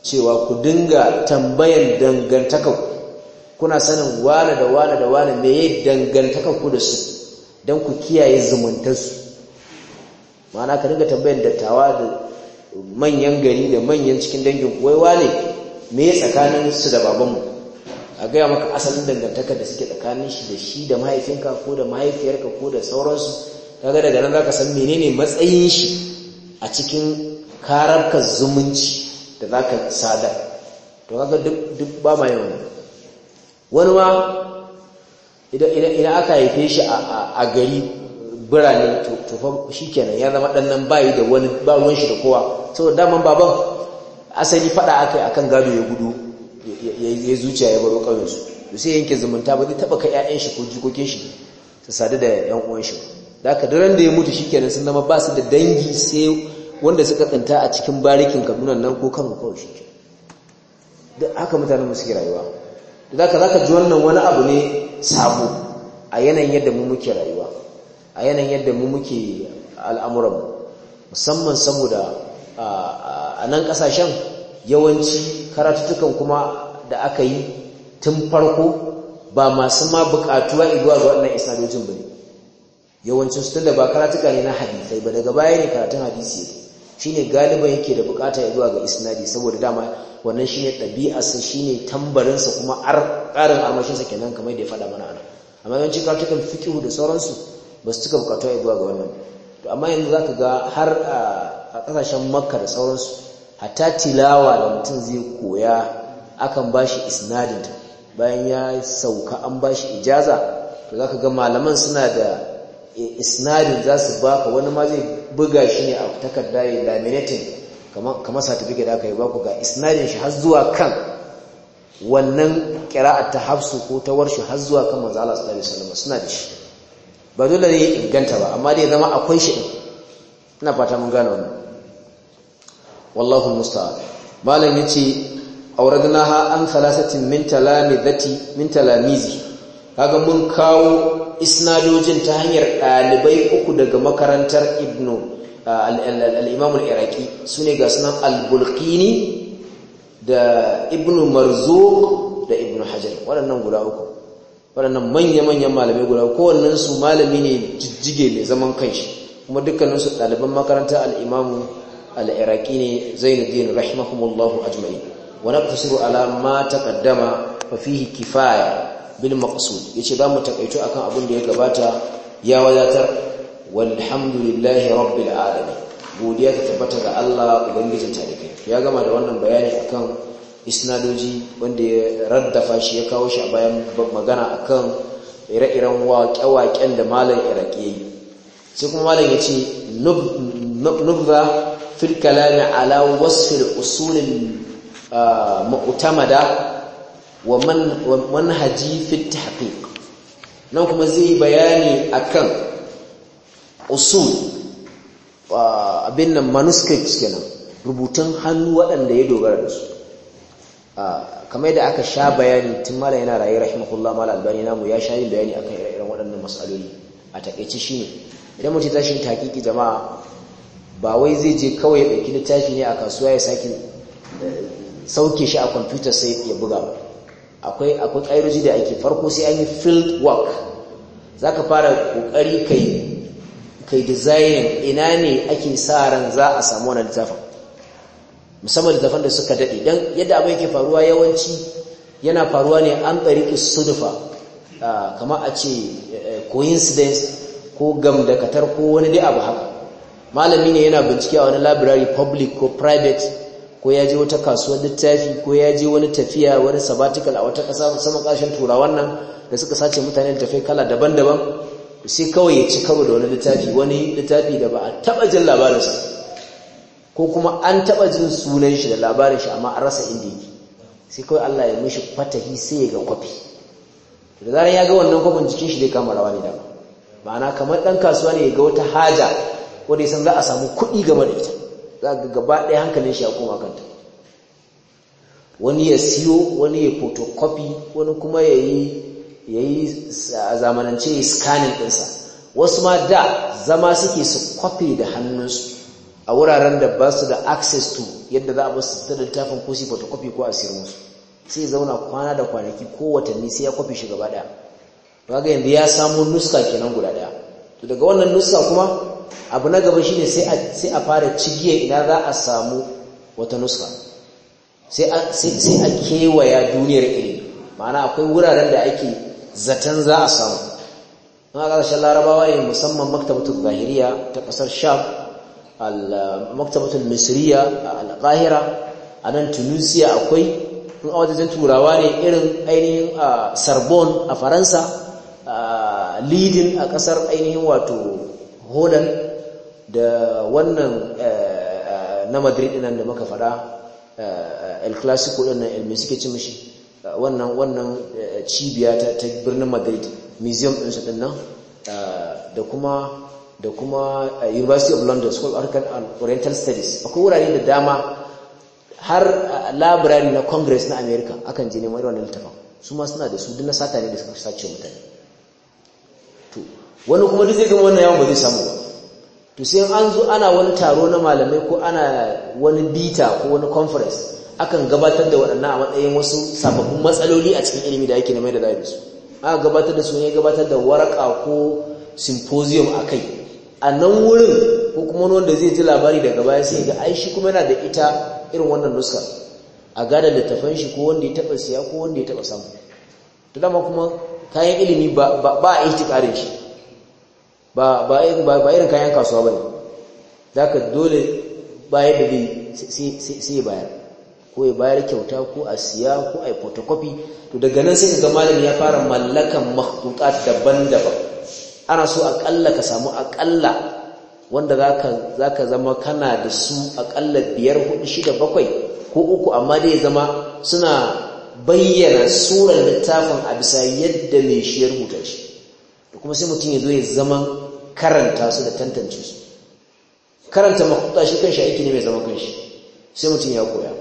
cewa ku dinga tambayan ku kuna sanin wane da wane da wane me yayin ku da su don ku kiyaye zumuntarsu su ma'ana ka dinga tambayar dattawa da manyan gari da manyan cikin dangin wai wane me tsakanin su da babanmu a gaya maka asalin dangantaka da suke tsakanin shi da shi da mahaifinka ko da mahaifiyarka ko da sauransu kaga daga nan zaka san menene matsayin shi a cikin kararka zumunci da zaka sada to kaga duk ba ma yawan wani ma idan aka haife shi a gari birane to shi shikenan ya zama ɗannan bayi da wani ba ruwan shi da kowa saboda daman baban asali fada a kan gado ya gudu ya zuciya ya baro kauyen su to sai yanke zumunta ba zai taba ka yayan shi ko jikokin shi su sadu da 'yan uwan shi da aka duk da ya mutu shikenan sun zama ba su da dangi sai wanda suka tsinta a cikin barikin Kaduna nan ko kan kawai shi Da haka mutanen mu suke rayuwa da za zaka ji wannan wani abu ne sabo a yanayin yadda mu muke rayuwa a yanayin yadda mu muke al'amuran musamman saboda a nan kasashen, yawanci karatutukan kuma da aka yi tun farko ba masu ma buƙatuwa izuwa ga wannan isnadojin ba ne yawancin su tunda ba karatuka ne na hadisai ba daga baya ne karatun hadisi shi ne galiban yake da bukata ya zuwa ga isnadi saboda dama wannan shi shine ɗabi'arsa shine tambarinsa kuma ƙarin armashinsa kenan kamar da ya faɗa mana ana amma yawancin karatukan fikihu da sauransu ba su cika bukatu ya zuwa ga wannan to amma yanzu za ka ga har a kasashen makka da sauransu hatta tilawa da mutum zai koya akan ba shi isnadinta bayan ya sauka an ba shi ijaza to za ka ga malaman suna da isnadin za su baka wani ma zai buga shi ne a takarda ya laminating kamar certificate aka yi baku ga isnadin shi har zuwa kan wannan kira'ar ta hafsu ko ta warshe har zuwa kan manzo Allah sallallahu alaihi suna da shi ba dole ne ya inganta ba amma dai zama akwai shi din ina fata mun gane wannan wallahu musta'an malam yace awradnaha an thalathatin min talamizati min talamizi kaga mun kawo isnadojin ta hanyar dalibai uku daga makarantar ibnu al-imam al-iraqi sune ga sunan al-bulqini da ibnu marzuq da ibnu hajar waɗannan guda uku waɗannan manya-manyan malamai guda kowannensu malami ne jijjige mai zaman kanshi kuma dukkaninsu ɗaliban makaranta al'imamu al'iraki ne zainuddin rahimahumullahu ajma'i wani kusurwa ala ma taƙaddama fafihi kifaya bil maqsud za mu takaito akan abin da ya gabata ya wadatar walhamdulillahi rabbil alamin godiya ta tabbata ga Allah ubangijin tarihi ya gama da wannan bayani akan isnadoji wanda ya raddafa shi ya kawo shi a bayan magana a kan ire-iren waƙe-waƙen da malam iraƙe yi sai kuma malam ya ce nubba firkala na ala wasfil usulin mu'tamada wa manhaji fi nan kuma zai bayani akan usul abin nan manuscripts kenan rubutun hannu waɗanda ya dogara da su Ah, kamar da aka sha bayani tun mala yana raye rahimahullah mala albani namu ya sha yin bayani akan ire-iren waɗannan matsaloli a takaice shine idan mutum tashin hakiki jama'a ba wai zai je kawai ya ɗauki littafi ne a kasuwa ya sake eh, sauke shi a kwamfuta sai ya buga ba akwai akwai ƙa'idoji da ake farko sai an yi field work za ka fara ƙoƙari kai kai design ina ne ake sa ran za a samu wani littafin musamman da littafan da suka daɗe don yadda abin yake faruwa yawanci yana faruwa ne an ɗariƙi sudufa kama a ce eh, eh, coincidence ko gam katar ko wani dai abu haka malami ne yana bincike a wani library public ko private ko ya je wata kasuwar littafi ko ya je wani tafiya wani sabbatical a wata kasa, musamman ƙasashen turawan nan da suka sace mutane da tafai kala daban-daban sai kawai ya ci karo da wani littafi wani littafi da ba a taɓa jin labarinsa ko kuma an taɓa jin sunan shi da labarin shi amma an rasa inda yake sai kawai Allah ya mishi fatahi sai ya ga kwafi da zarar ya ga wannan kwafin jikin shi zai kama rawa ne dama ma'ana kamar ɗan kasuwa ne ya ga wata haja ko ya san za a samu kuɗi game da ita za ga gaba ɗaya hankalin shi ya koma kanta wani ya siyo wani ya photocopy wani kuma ya yi ya yi a zamanance ya scanning ɗinsa wasu ma da zama suke su kwafi da hannunsu a wuraren da ba su da access to yadda za a ba su da littafin ko si photocopy ko a musu sai zauna kwana da kwanaki ko watanni sai ya kwafi shi gaba daya ga yanzu ya samu nuska kenan guda daya to daga wannan nuska kuma abu na gaba shine sai sai a fara cigiyar ina za a samu wata nuska sai a kewaya duniyar iri, ma'ana akwai wuraren da ake zaton za a samu a kasashen larabawa ne musamman maktabatul zahiriya ta kasar Shaf. al al misriya a al-qahira a tunisia akwai in a turawa ne irin ainihin a sarbon a faransa a lidin a kasar ainihin wato holland da wannan eh, eh, na madrid nan da muka fada eh, el clasico din nan el suke ci mishi wannan wannan cibiya ta birnin madrid museum din su nan da kuma da kuma eh, university of london school of african and oriental studies akwai wurare da dama har eh, labirari na congress na america akan je neman irin littafin su ma suna da su duk na sata ne da suka sace mutane to wani kuma duk zai gama wannan yawon ba zai samu to sai an zo ana wani taro na malamai ko ana wani bita ko wani conference akan gabatar da waɗannan a matsayin wasu sababbin matsaloli a cikin ilimi da ake mai da zai su aka gabatar da su ne gabatar da waraka ko symposium a kai a nan wurin ko kuma wanda zai ji labari daga baya sai ga ai shi kuma yana da ita irin wannan nuska a gada littafan shi ko wanda ya taba siya ko wanda ya taba samu to dama kuma kayan ilimi ba ba a ihtikarin shi ba ba ba irin kayan kasuwa bane zaka dole bayar da sai sai bayar ko ya bayar kyauta ko a siya ko a yi photocopy to daga nan sai ga malami ya fara mallakan makhduqat daban-daban ana so akalla ka samu akalla wanda za ka zama kana da su akalla biyar hudu shida bakwai ko uku amma dai zama suna bayyana tsoron littafin a bisa yadda mai shiyar ya shi da kuma sai mutum ya zo ya zama karanta su da tantance su karanta makuta shi kan aiki ne mai zama shi, sai mutum ya koya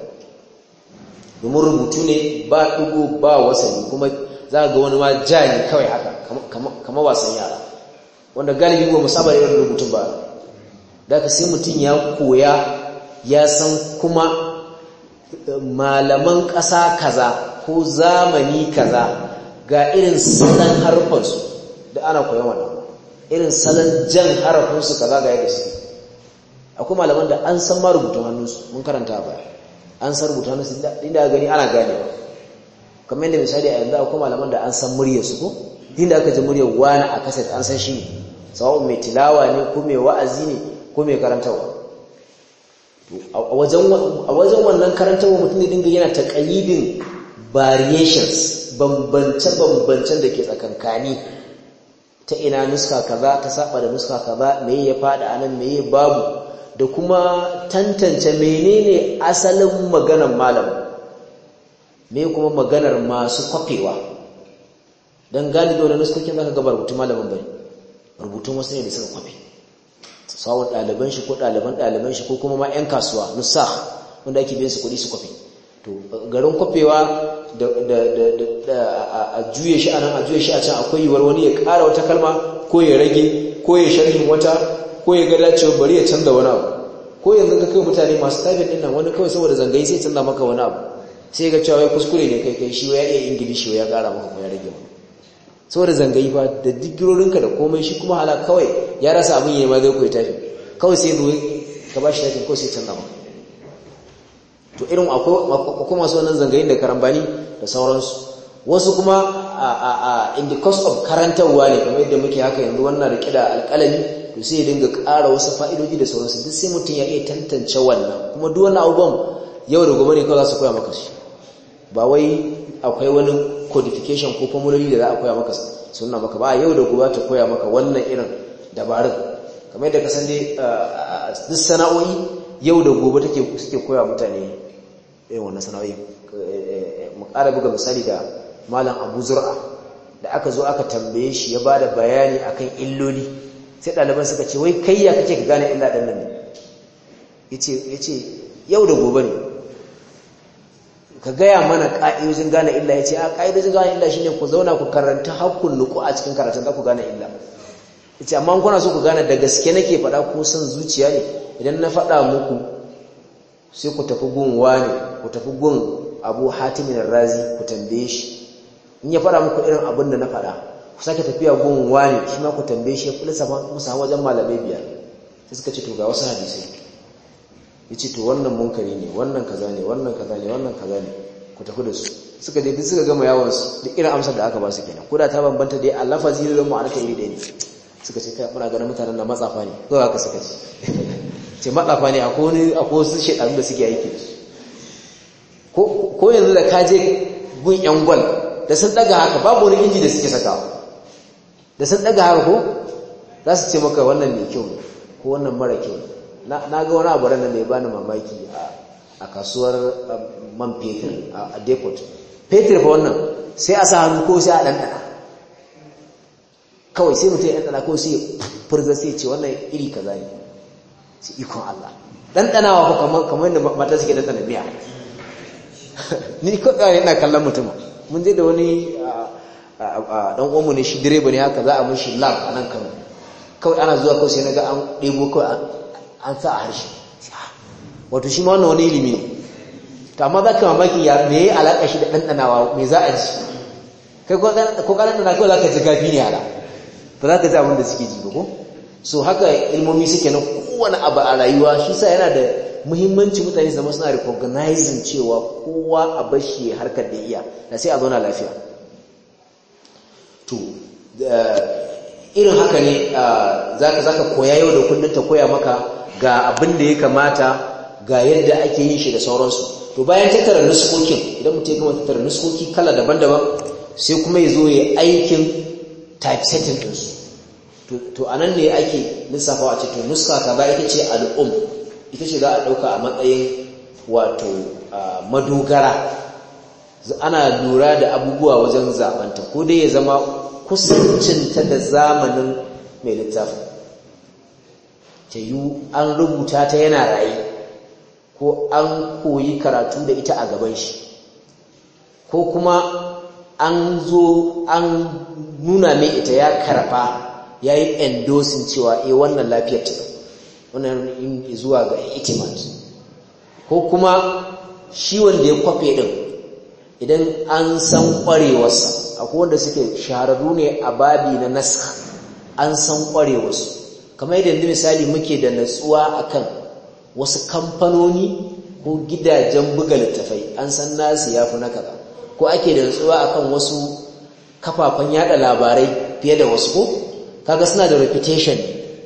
domin rubutu ne ba ɗugo ba wasanni kuma za ga wani ma ja ni kawai haka kama wasan yara wanda galibi ba mu saba da irin rubutun ba da ka sai mutum ya koya ya san kuma eh, malaman ƙasa kaza ko zamani kaza ga irin salon harfarsu da ana koyon wannan irin salon jan harafinsu kaza ga yadda su akwai malaman da an san marubutun hannunsu mun karanta ba an san rubutun hannunsu inda gani ana gane kamar yadda misali a yanzu akwai malaman da an san muryarsu ko inda aka ji muryar wani a kaset an san shi sawa'un mai tilawa ne ko mai wa'azi ne ko mai karantawa a wajen wannan karantarwa mutum ne dinga yana taƙalibin variations bambance-bambancen da ke tsakankani ta ina nuska kaza ta saba da nuska kaza me ya fada anan me ya babu da kuma tantance menene asalin maganar malam me kuma maganar masu kwafewa dan galibi wannan nuskokin zaka ga rubutu malamin bari? rubutun wasu ne da suka kwafi sawun ɗaliban shi ko ɗaliban ɗaliban shi ko kuma ma 'yan kasuwa nusakh wanda ake biyan su kuɗi su kwafi to garin kwafewa da a juye shi anan a juye shi a can akwai yiwuwar wani ya ƙara wata kalma ko ya rage ko ya sharhin wata ko ya ga dacewa bari ya canza wani abu ko yanzu ka kai mutane masu tafiya ɗin nan wani kawai saboda zangayi sai canza maka wani abu sai ga cewa kuskure ne kai kai shi ya iya ingilishi ya ƙara maka ko ya rage maka saboda zangayi ba da digirorinka da komai shi kuma hala kawai ya rasa abin yi ma zai koyi tafi kawai sai ruwa ka ba shi tafi ko sai canza ba to irin akwai masu wannan zangayin da karambani da sauransu wasu kuma a in the cost of karantarwa ne kamar yadda muke haka yanzu wannan da kida alƙalami to sai ya dinga ƙara wasu fa'idoji da sauransu duk sai mutum ya iya tantance wannan kuma duk wannan abubuwan yau da gobe ne kawai za su koya maka shi ba wai akwai wani codification ko formulary da za a koya maka sunna maka ba yau da gobe ta koya maka wannan irin dabarun kamar yadda ka san dai duk sana'o'i yau da gobe take suke koya mutane irin wannan sana'o'i eh, eh, mu ƙara buga misali da malam Abu Zur'a da aka zo aka tambaye shi ya bada bayani akan illoli sai ɗaliban suka ce wai kai ya kake ka gane illa ɗan nan ne yace yace yau da gobe ne ka gaya mana ƙa'idojin gane illa ya ce a ƙa'idojin gane illa shine ku zauna ku karanta hakkun nuku a cikin karatun za ku gane illa ya ce amma kuna so ku gane da gaske nake faɗa ko son zuciya ne idan na faɗa muku sai ku tafi gun wani ku tafi gun abu hatimin razi ku tambaye shi in ya faɗa muku irin abin da na faɗa ku sake tafiya gun wani shi ma ku tambaye shi ya kulisa musa wajen malamai biyar sai suka ce to ga wasu hadisai ce to wannan munkari ne wannan kaza ne wannan kaza ne wannan kaza ne ku tafi da su suka je duk suka gama yawon su duk irin amsar da aka ba su kenan ko da ta bambanta dai a lafazi da a anaka iri ɗaya ne suka ce kai muna ganin mutanen da matsafa ne ko haka suka ce <laughs> ce matsafa ne akwai wani akwai wasu shekaru da suke aiki ko ko yanzu da ka je gun yan gwal da sun daga haka babu wani inji da suke sakawa da sun daga haka ko za su ce maka wannan mai kyau ko wannan mara kyau na ga wani abu ranar mai bani mamaki a kasuwar um, man fetur a depot fetur fa wannan sai a sa hannu ko sai a ɗanɗana kawai sai mutum ya ɗanɗana ko sai furza sai ce wannan iri kaza ne sai ikon Allah ɗanɗanawa ku kamar yadda mata suke ɗanɗana miya <laughs> ni kawai yana kallon mutum mun je da wani ɗan uwanmu ne shi direba ne haka za a mushi lab a nan kano kawai ana zuwa kawai sai na ga an ɗebo kawai an sa a harshe wato shi ma wani ilimi ne to amma za ka mamaki ya me ya alaƙa shi da ɗanɗanawa me za a ji kai ko ka na kawai za ka ji gafi ne ala ba za ka ji abin da suke ji ba ko so haka ilmomi suke na kowane abu a rayuwa shi sa yana da muhimmanci mutane zama suna recognizing cewa kowa a bashi harkar da iya da sai a zauna lafiya to eh, irin haka ne ah, za ka koya yau da kullum ta koya maka ga abin da ya kamata ga yadda ake yin shi da sauransu to bayan tattara nuskokin idan mutum ya gama tattara nuskoki kala daban-daban sai kuma ya zo ya aikin typesetting ɗinsu to a nan ne ake lissafa a cikin nuska ka ba ita ce al'um ita ce za a ɗauka a matsayin wato madogara ana lura da abubuwa wajen zaɓanta ko dai ya zama kusancinta da zamanin mai littafin ta yi an rubuta ta yana raye ko an koyi karatu da ita a gaban shi ko kuma an zo an nuna mai ita ya karfa ya yi endosin cewa e wannan lafiyar ta wannan zuwa ga itimat ko kuma shi wanda ya kwafe din idan an san kwarewarsa akwai wanda suke shahararru ne a babi na nasa an san kwarewarsu kamar yadda yanzu misali muke da natsuwa akan wasu kamfanoni ko gidajen buga littafai an san nasu ya fi na ba ko ake da natsuwa akan wasu kafafen yada labarai fiye da wasu ko kaga suna da reputation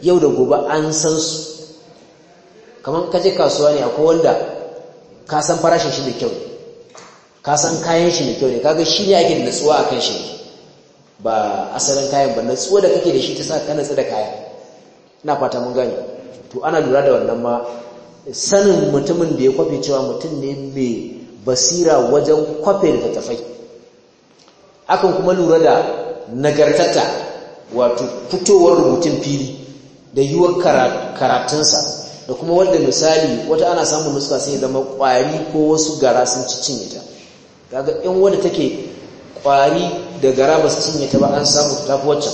yau da gobe an san su kamar kaje kasuwa ne akwai wanda ka san farashin shi da kyau ne ka san kayan shi da kyau ne kaga shi ne ake da natsuwa akan shi ba asalin kayan ba natsuwa da kake da shi ta sa ka natsu da kayan na fata mun gane to ana lura da wannan ma sanin mutumin da ya kwafe cewa mutum ne mai basira wajen kwafe da tafai akan kuma lura da nagartata wato fitowar rubutun fili da yiwuwar karatunsa da kuma wadda misali wata ana samun nuska sai zama kwari ko wasu gara sun ci cinye ta kaga in wadda take kwari da gara ba su cinye ta ba an samu tafi waccan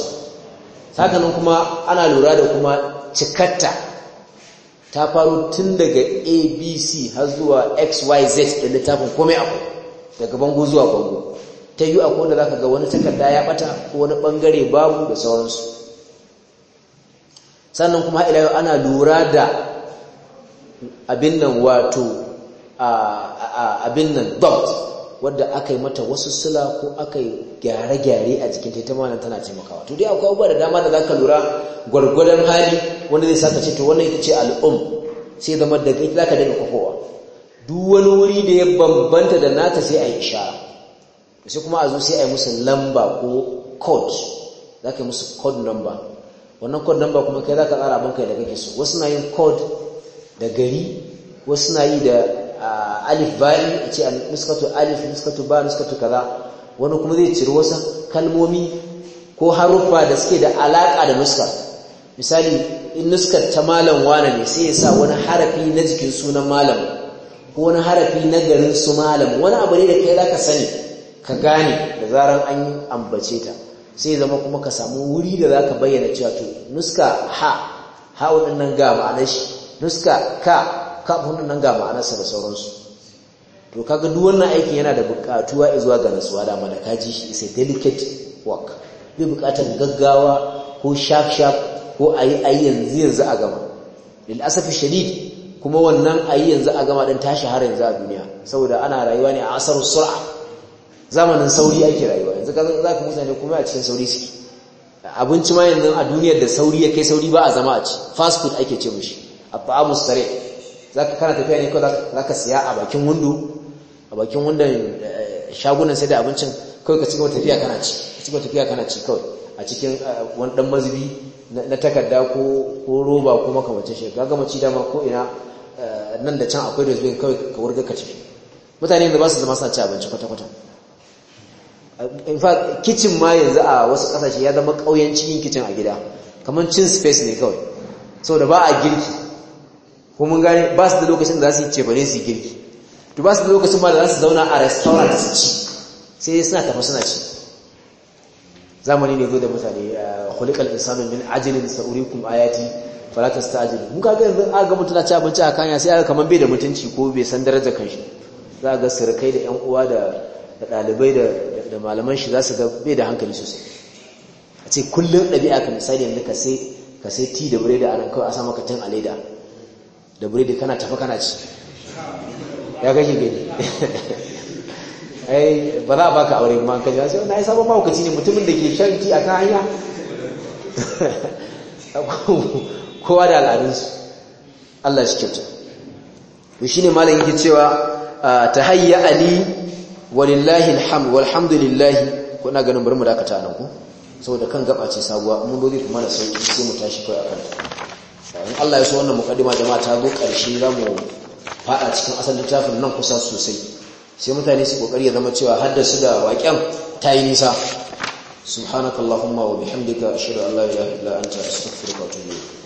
sakanin kuma ana lura da kuma cikatta ta faru tun daga abc har zuwa xyz da littafin komai abu daga bango zuwa bango ta yi akwai da ka ga wani takarda ya bata ko wani bangare babu da sauransu sannan kuma ila yau ana lura da abin nan wato abin nan dot wadda aka yi mata wasu sila ko aka yi gyare-gyare a jikin ita tana taimakawa to dai akwai abubuwa da dama da za ka lura gwargwadon hali wanda zai sata ce to wannan ita ce al'um sai zama da ita za ka daga kwafowa duk wani wuri da ya bambanta da nata sai a yi ishara sai kuma a zo sai a yi musu lamba ko kod? za ka yi musu code number wannan code number kuma kai za ka tsara abin kai da kake so wasu na yin code da gari wasu na yi da alif ba'i ce nuskatu alif nuskatu ba nuskatu kaza wani kuma zai ciri wasu kalmomi ko haruffa da suke da alaka da nuska misali in nuskar ta malam wane ne sai ya sa wani harafi na jikin sunan malam ko wani harafi na garin su malam wani abu ne da kai zaka sani ka gane da zaran an yi ambace ta sai zama kuma ka samu wuri da zaka bayyana cewa to nuska ha ha waɗannan ga ma'anar shi nuska ka kafin nan ga ma'anarsa da sauransu to kaga duk wannan aikin yana da buƙatuwa zuwa ga nasuwa da ma da kaji shi sai delicate work bai buƙatar gaggawa ko sharp sharp ko ayi ayi yanzu yanzu a gama lil asafi shadid kuma wannan ayi yanzu a gama din tashi har yanzu a duniya saboda ana rayuwa ne a asarus sur'a zamanin sauri ake rayuwa yanzu kaga zaka mutane kuma a cikin sauri suke abinci ma yanzu a duniyar da sauri ya kai sauri ba a zama a ci fast food ake ce mishi a ta'amus sare zaka kana tafiya ne ko zaka siya a bakin windo a bakin windon eh, shagunan sai da abincin kawai ka cigaba tafiya kana ci ka cigaba tafiya kana ci kawai a cikin eh, wani dan mazubi na takarda ko ko roba ko makamacin shi ga gama ci dama ko ina eh, nan da can akwai da zuwa kawai ka wurga ka tafi mutane da ba su zama suna ci abinci kwata kwata in fact kitchen ma yanzu a wasu kasashe ya zama kauyancin cikin kitchen a gida kamar cin space ne kawai saboda ba a girki ko mun gane ba su da lokacin da za su yi cefane su yi girki to ba su da lokacin ba da za su zauna a restaurant su ci sai dai suna tafi suna ci zamani ne zo da mutane ah, khuliqal insanu min ajilin sa'urikum ayati ta ajilin Muka ga yanzu a ga mutuna ci abinci a kanya sai aka kamar bai da mutunci ko bai san darajar shi. za ga sirkai da 'yan uwa da ɗalibai da malaman shi za su ga bai da hankali sosai a ce kullum ɗabi'a ka misali yanzu ka sai ti da biredi a nan kawai a sa maka tun a da biredi kana tafi kana ci ya kake gani ai ba za a baka aure ma kaji ba sai na yi sabon mahaukaci ne mutumin da ke shan ti a kan hanya <laughs> kowa da al'adunsu Allah shi kyauta to shine malam yake cewa ta hayya ali walillahi alhamd Ko kuna ganin bari mu dakata nan saboda kan gaba ce sabuwa mun dole kuma na sauki sai mu tashi kai akan ta in Allah ya so wannan mukaddima jama'a ta zo karshe zamu fada cikin asalin littafin nan kusa sosai sai mutane su kokari ya zama cewa haddasu da waƙen ta yi nisa subhanakallahumma wa bihamdika ashhadu an la ilaha illa anta astaghfiruka wa atubu ilayk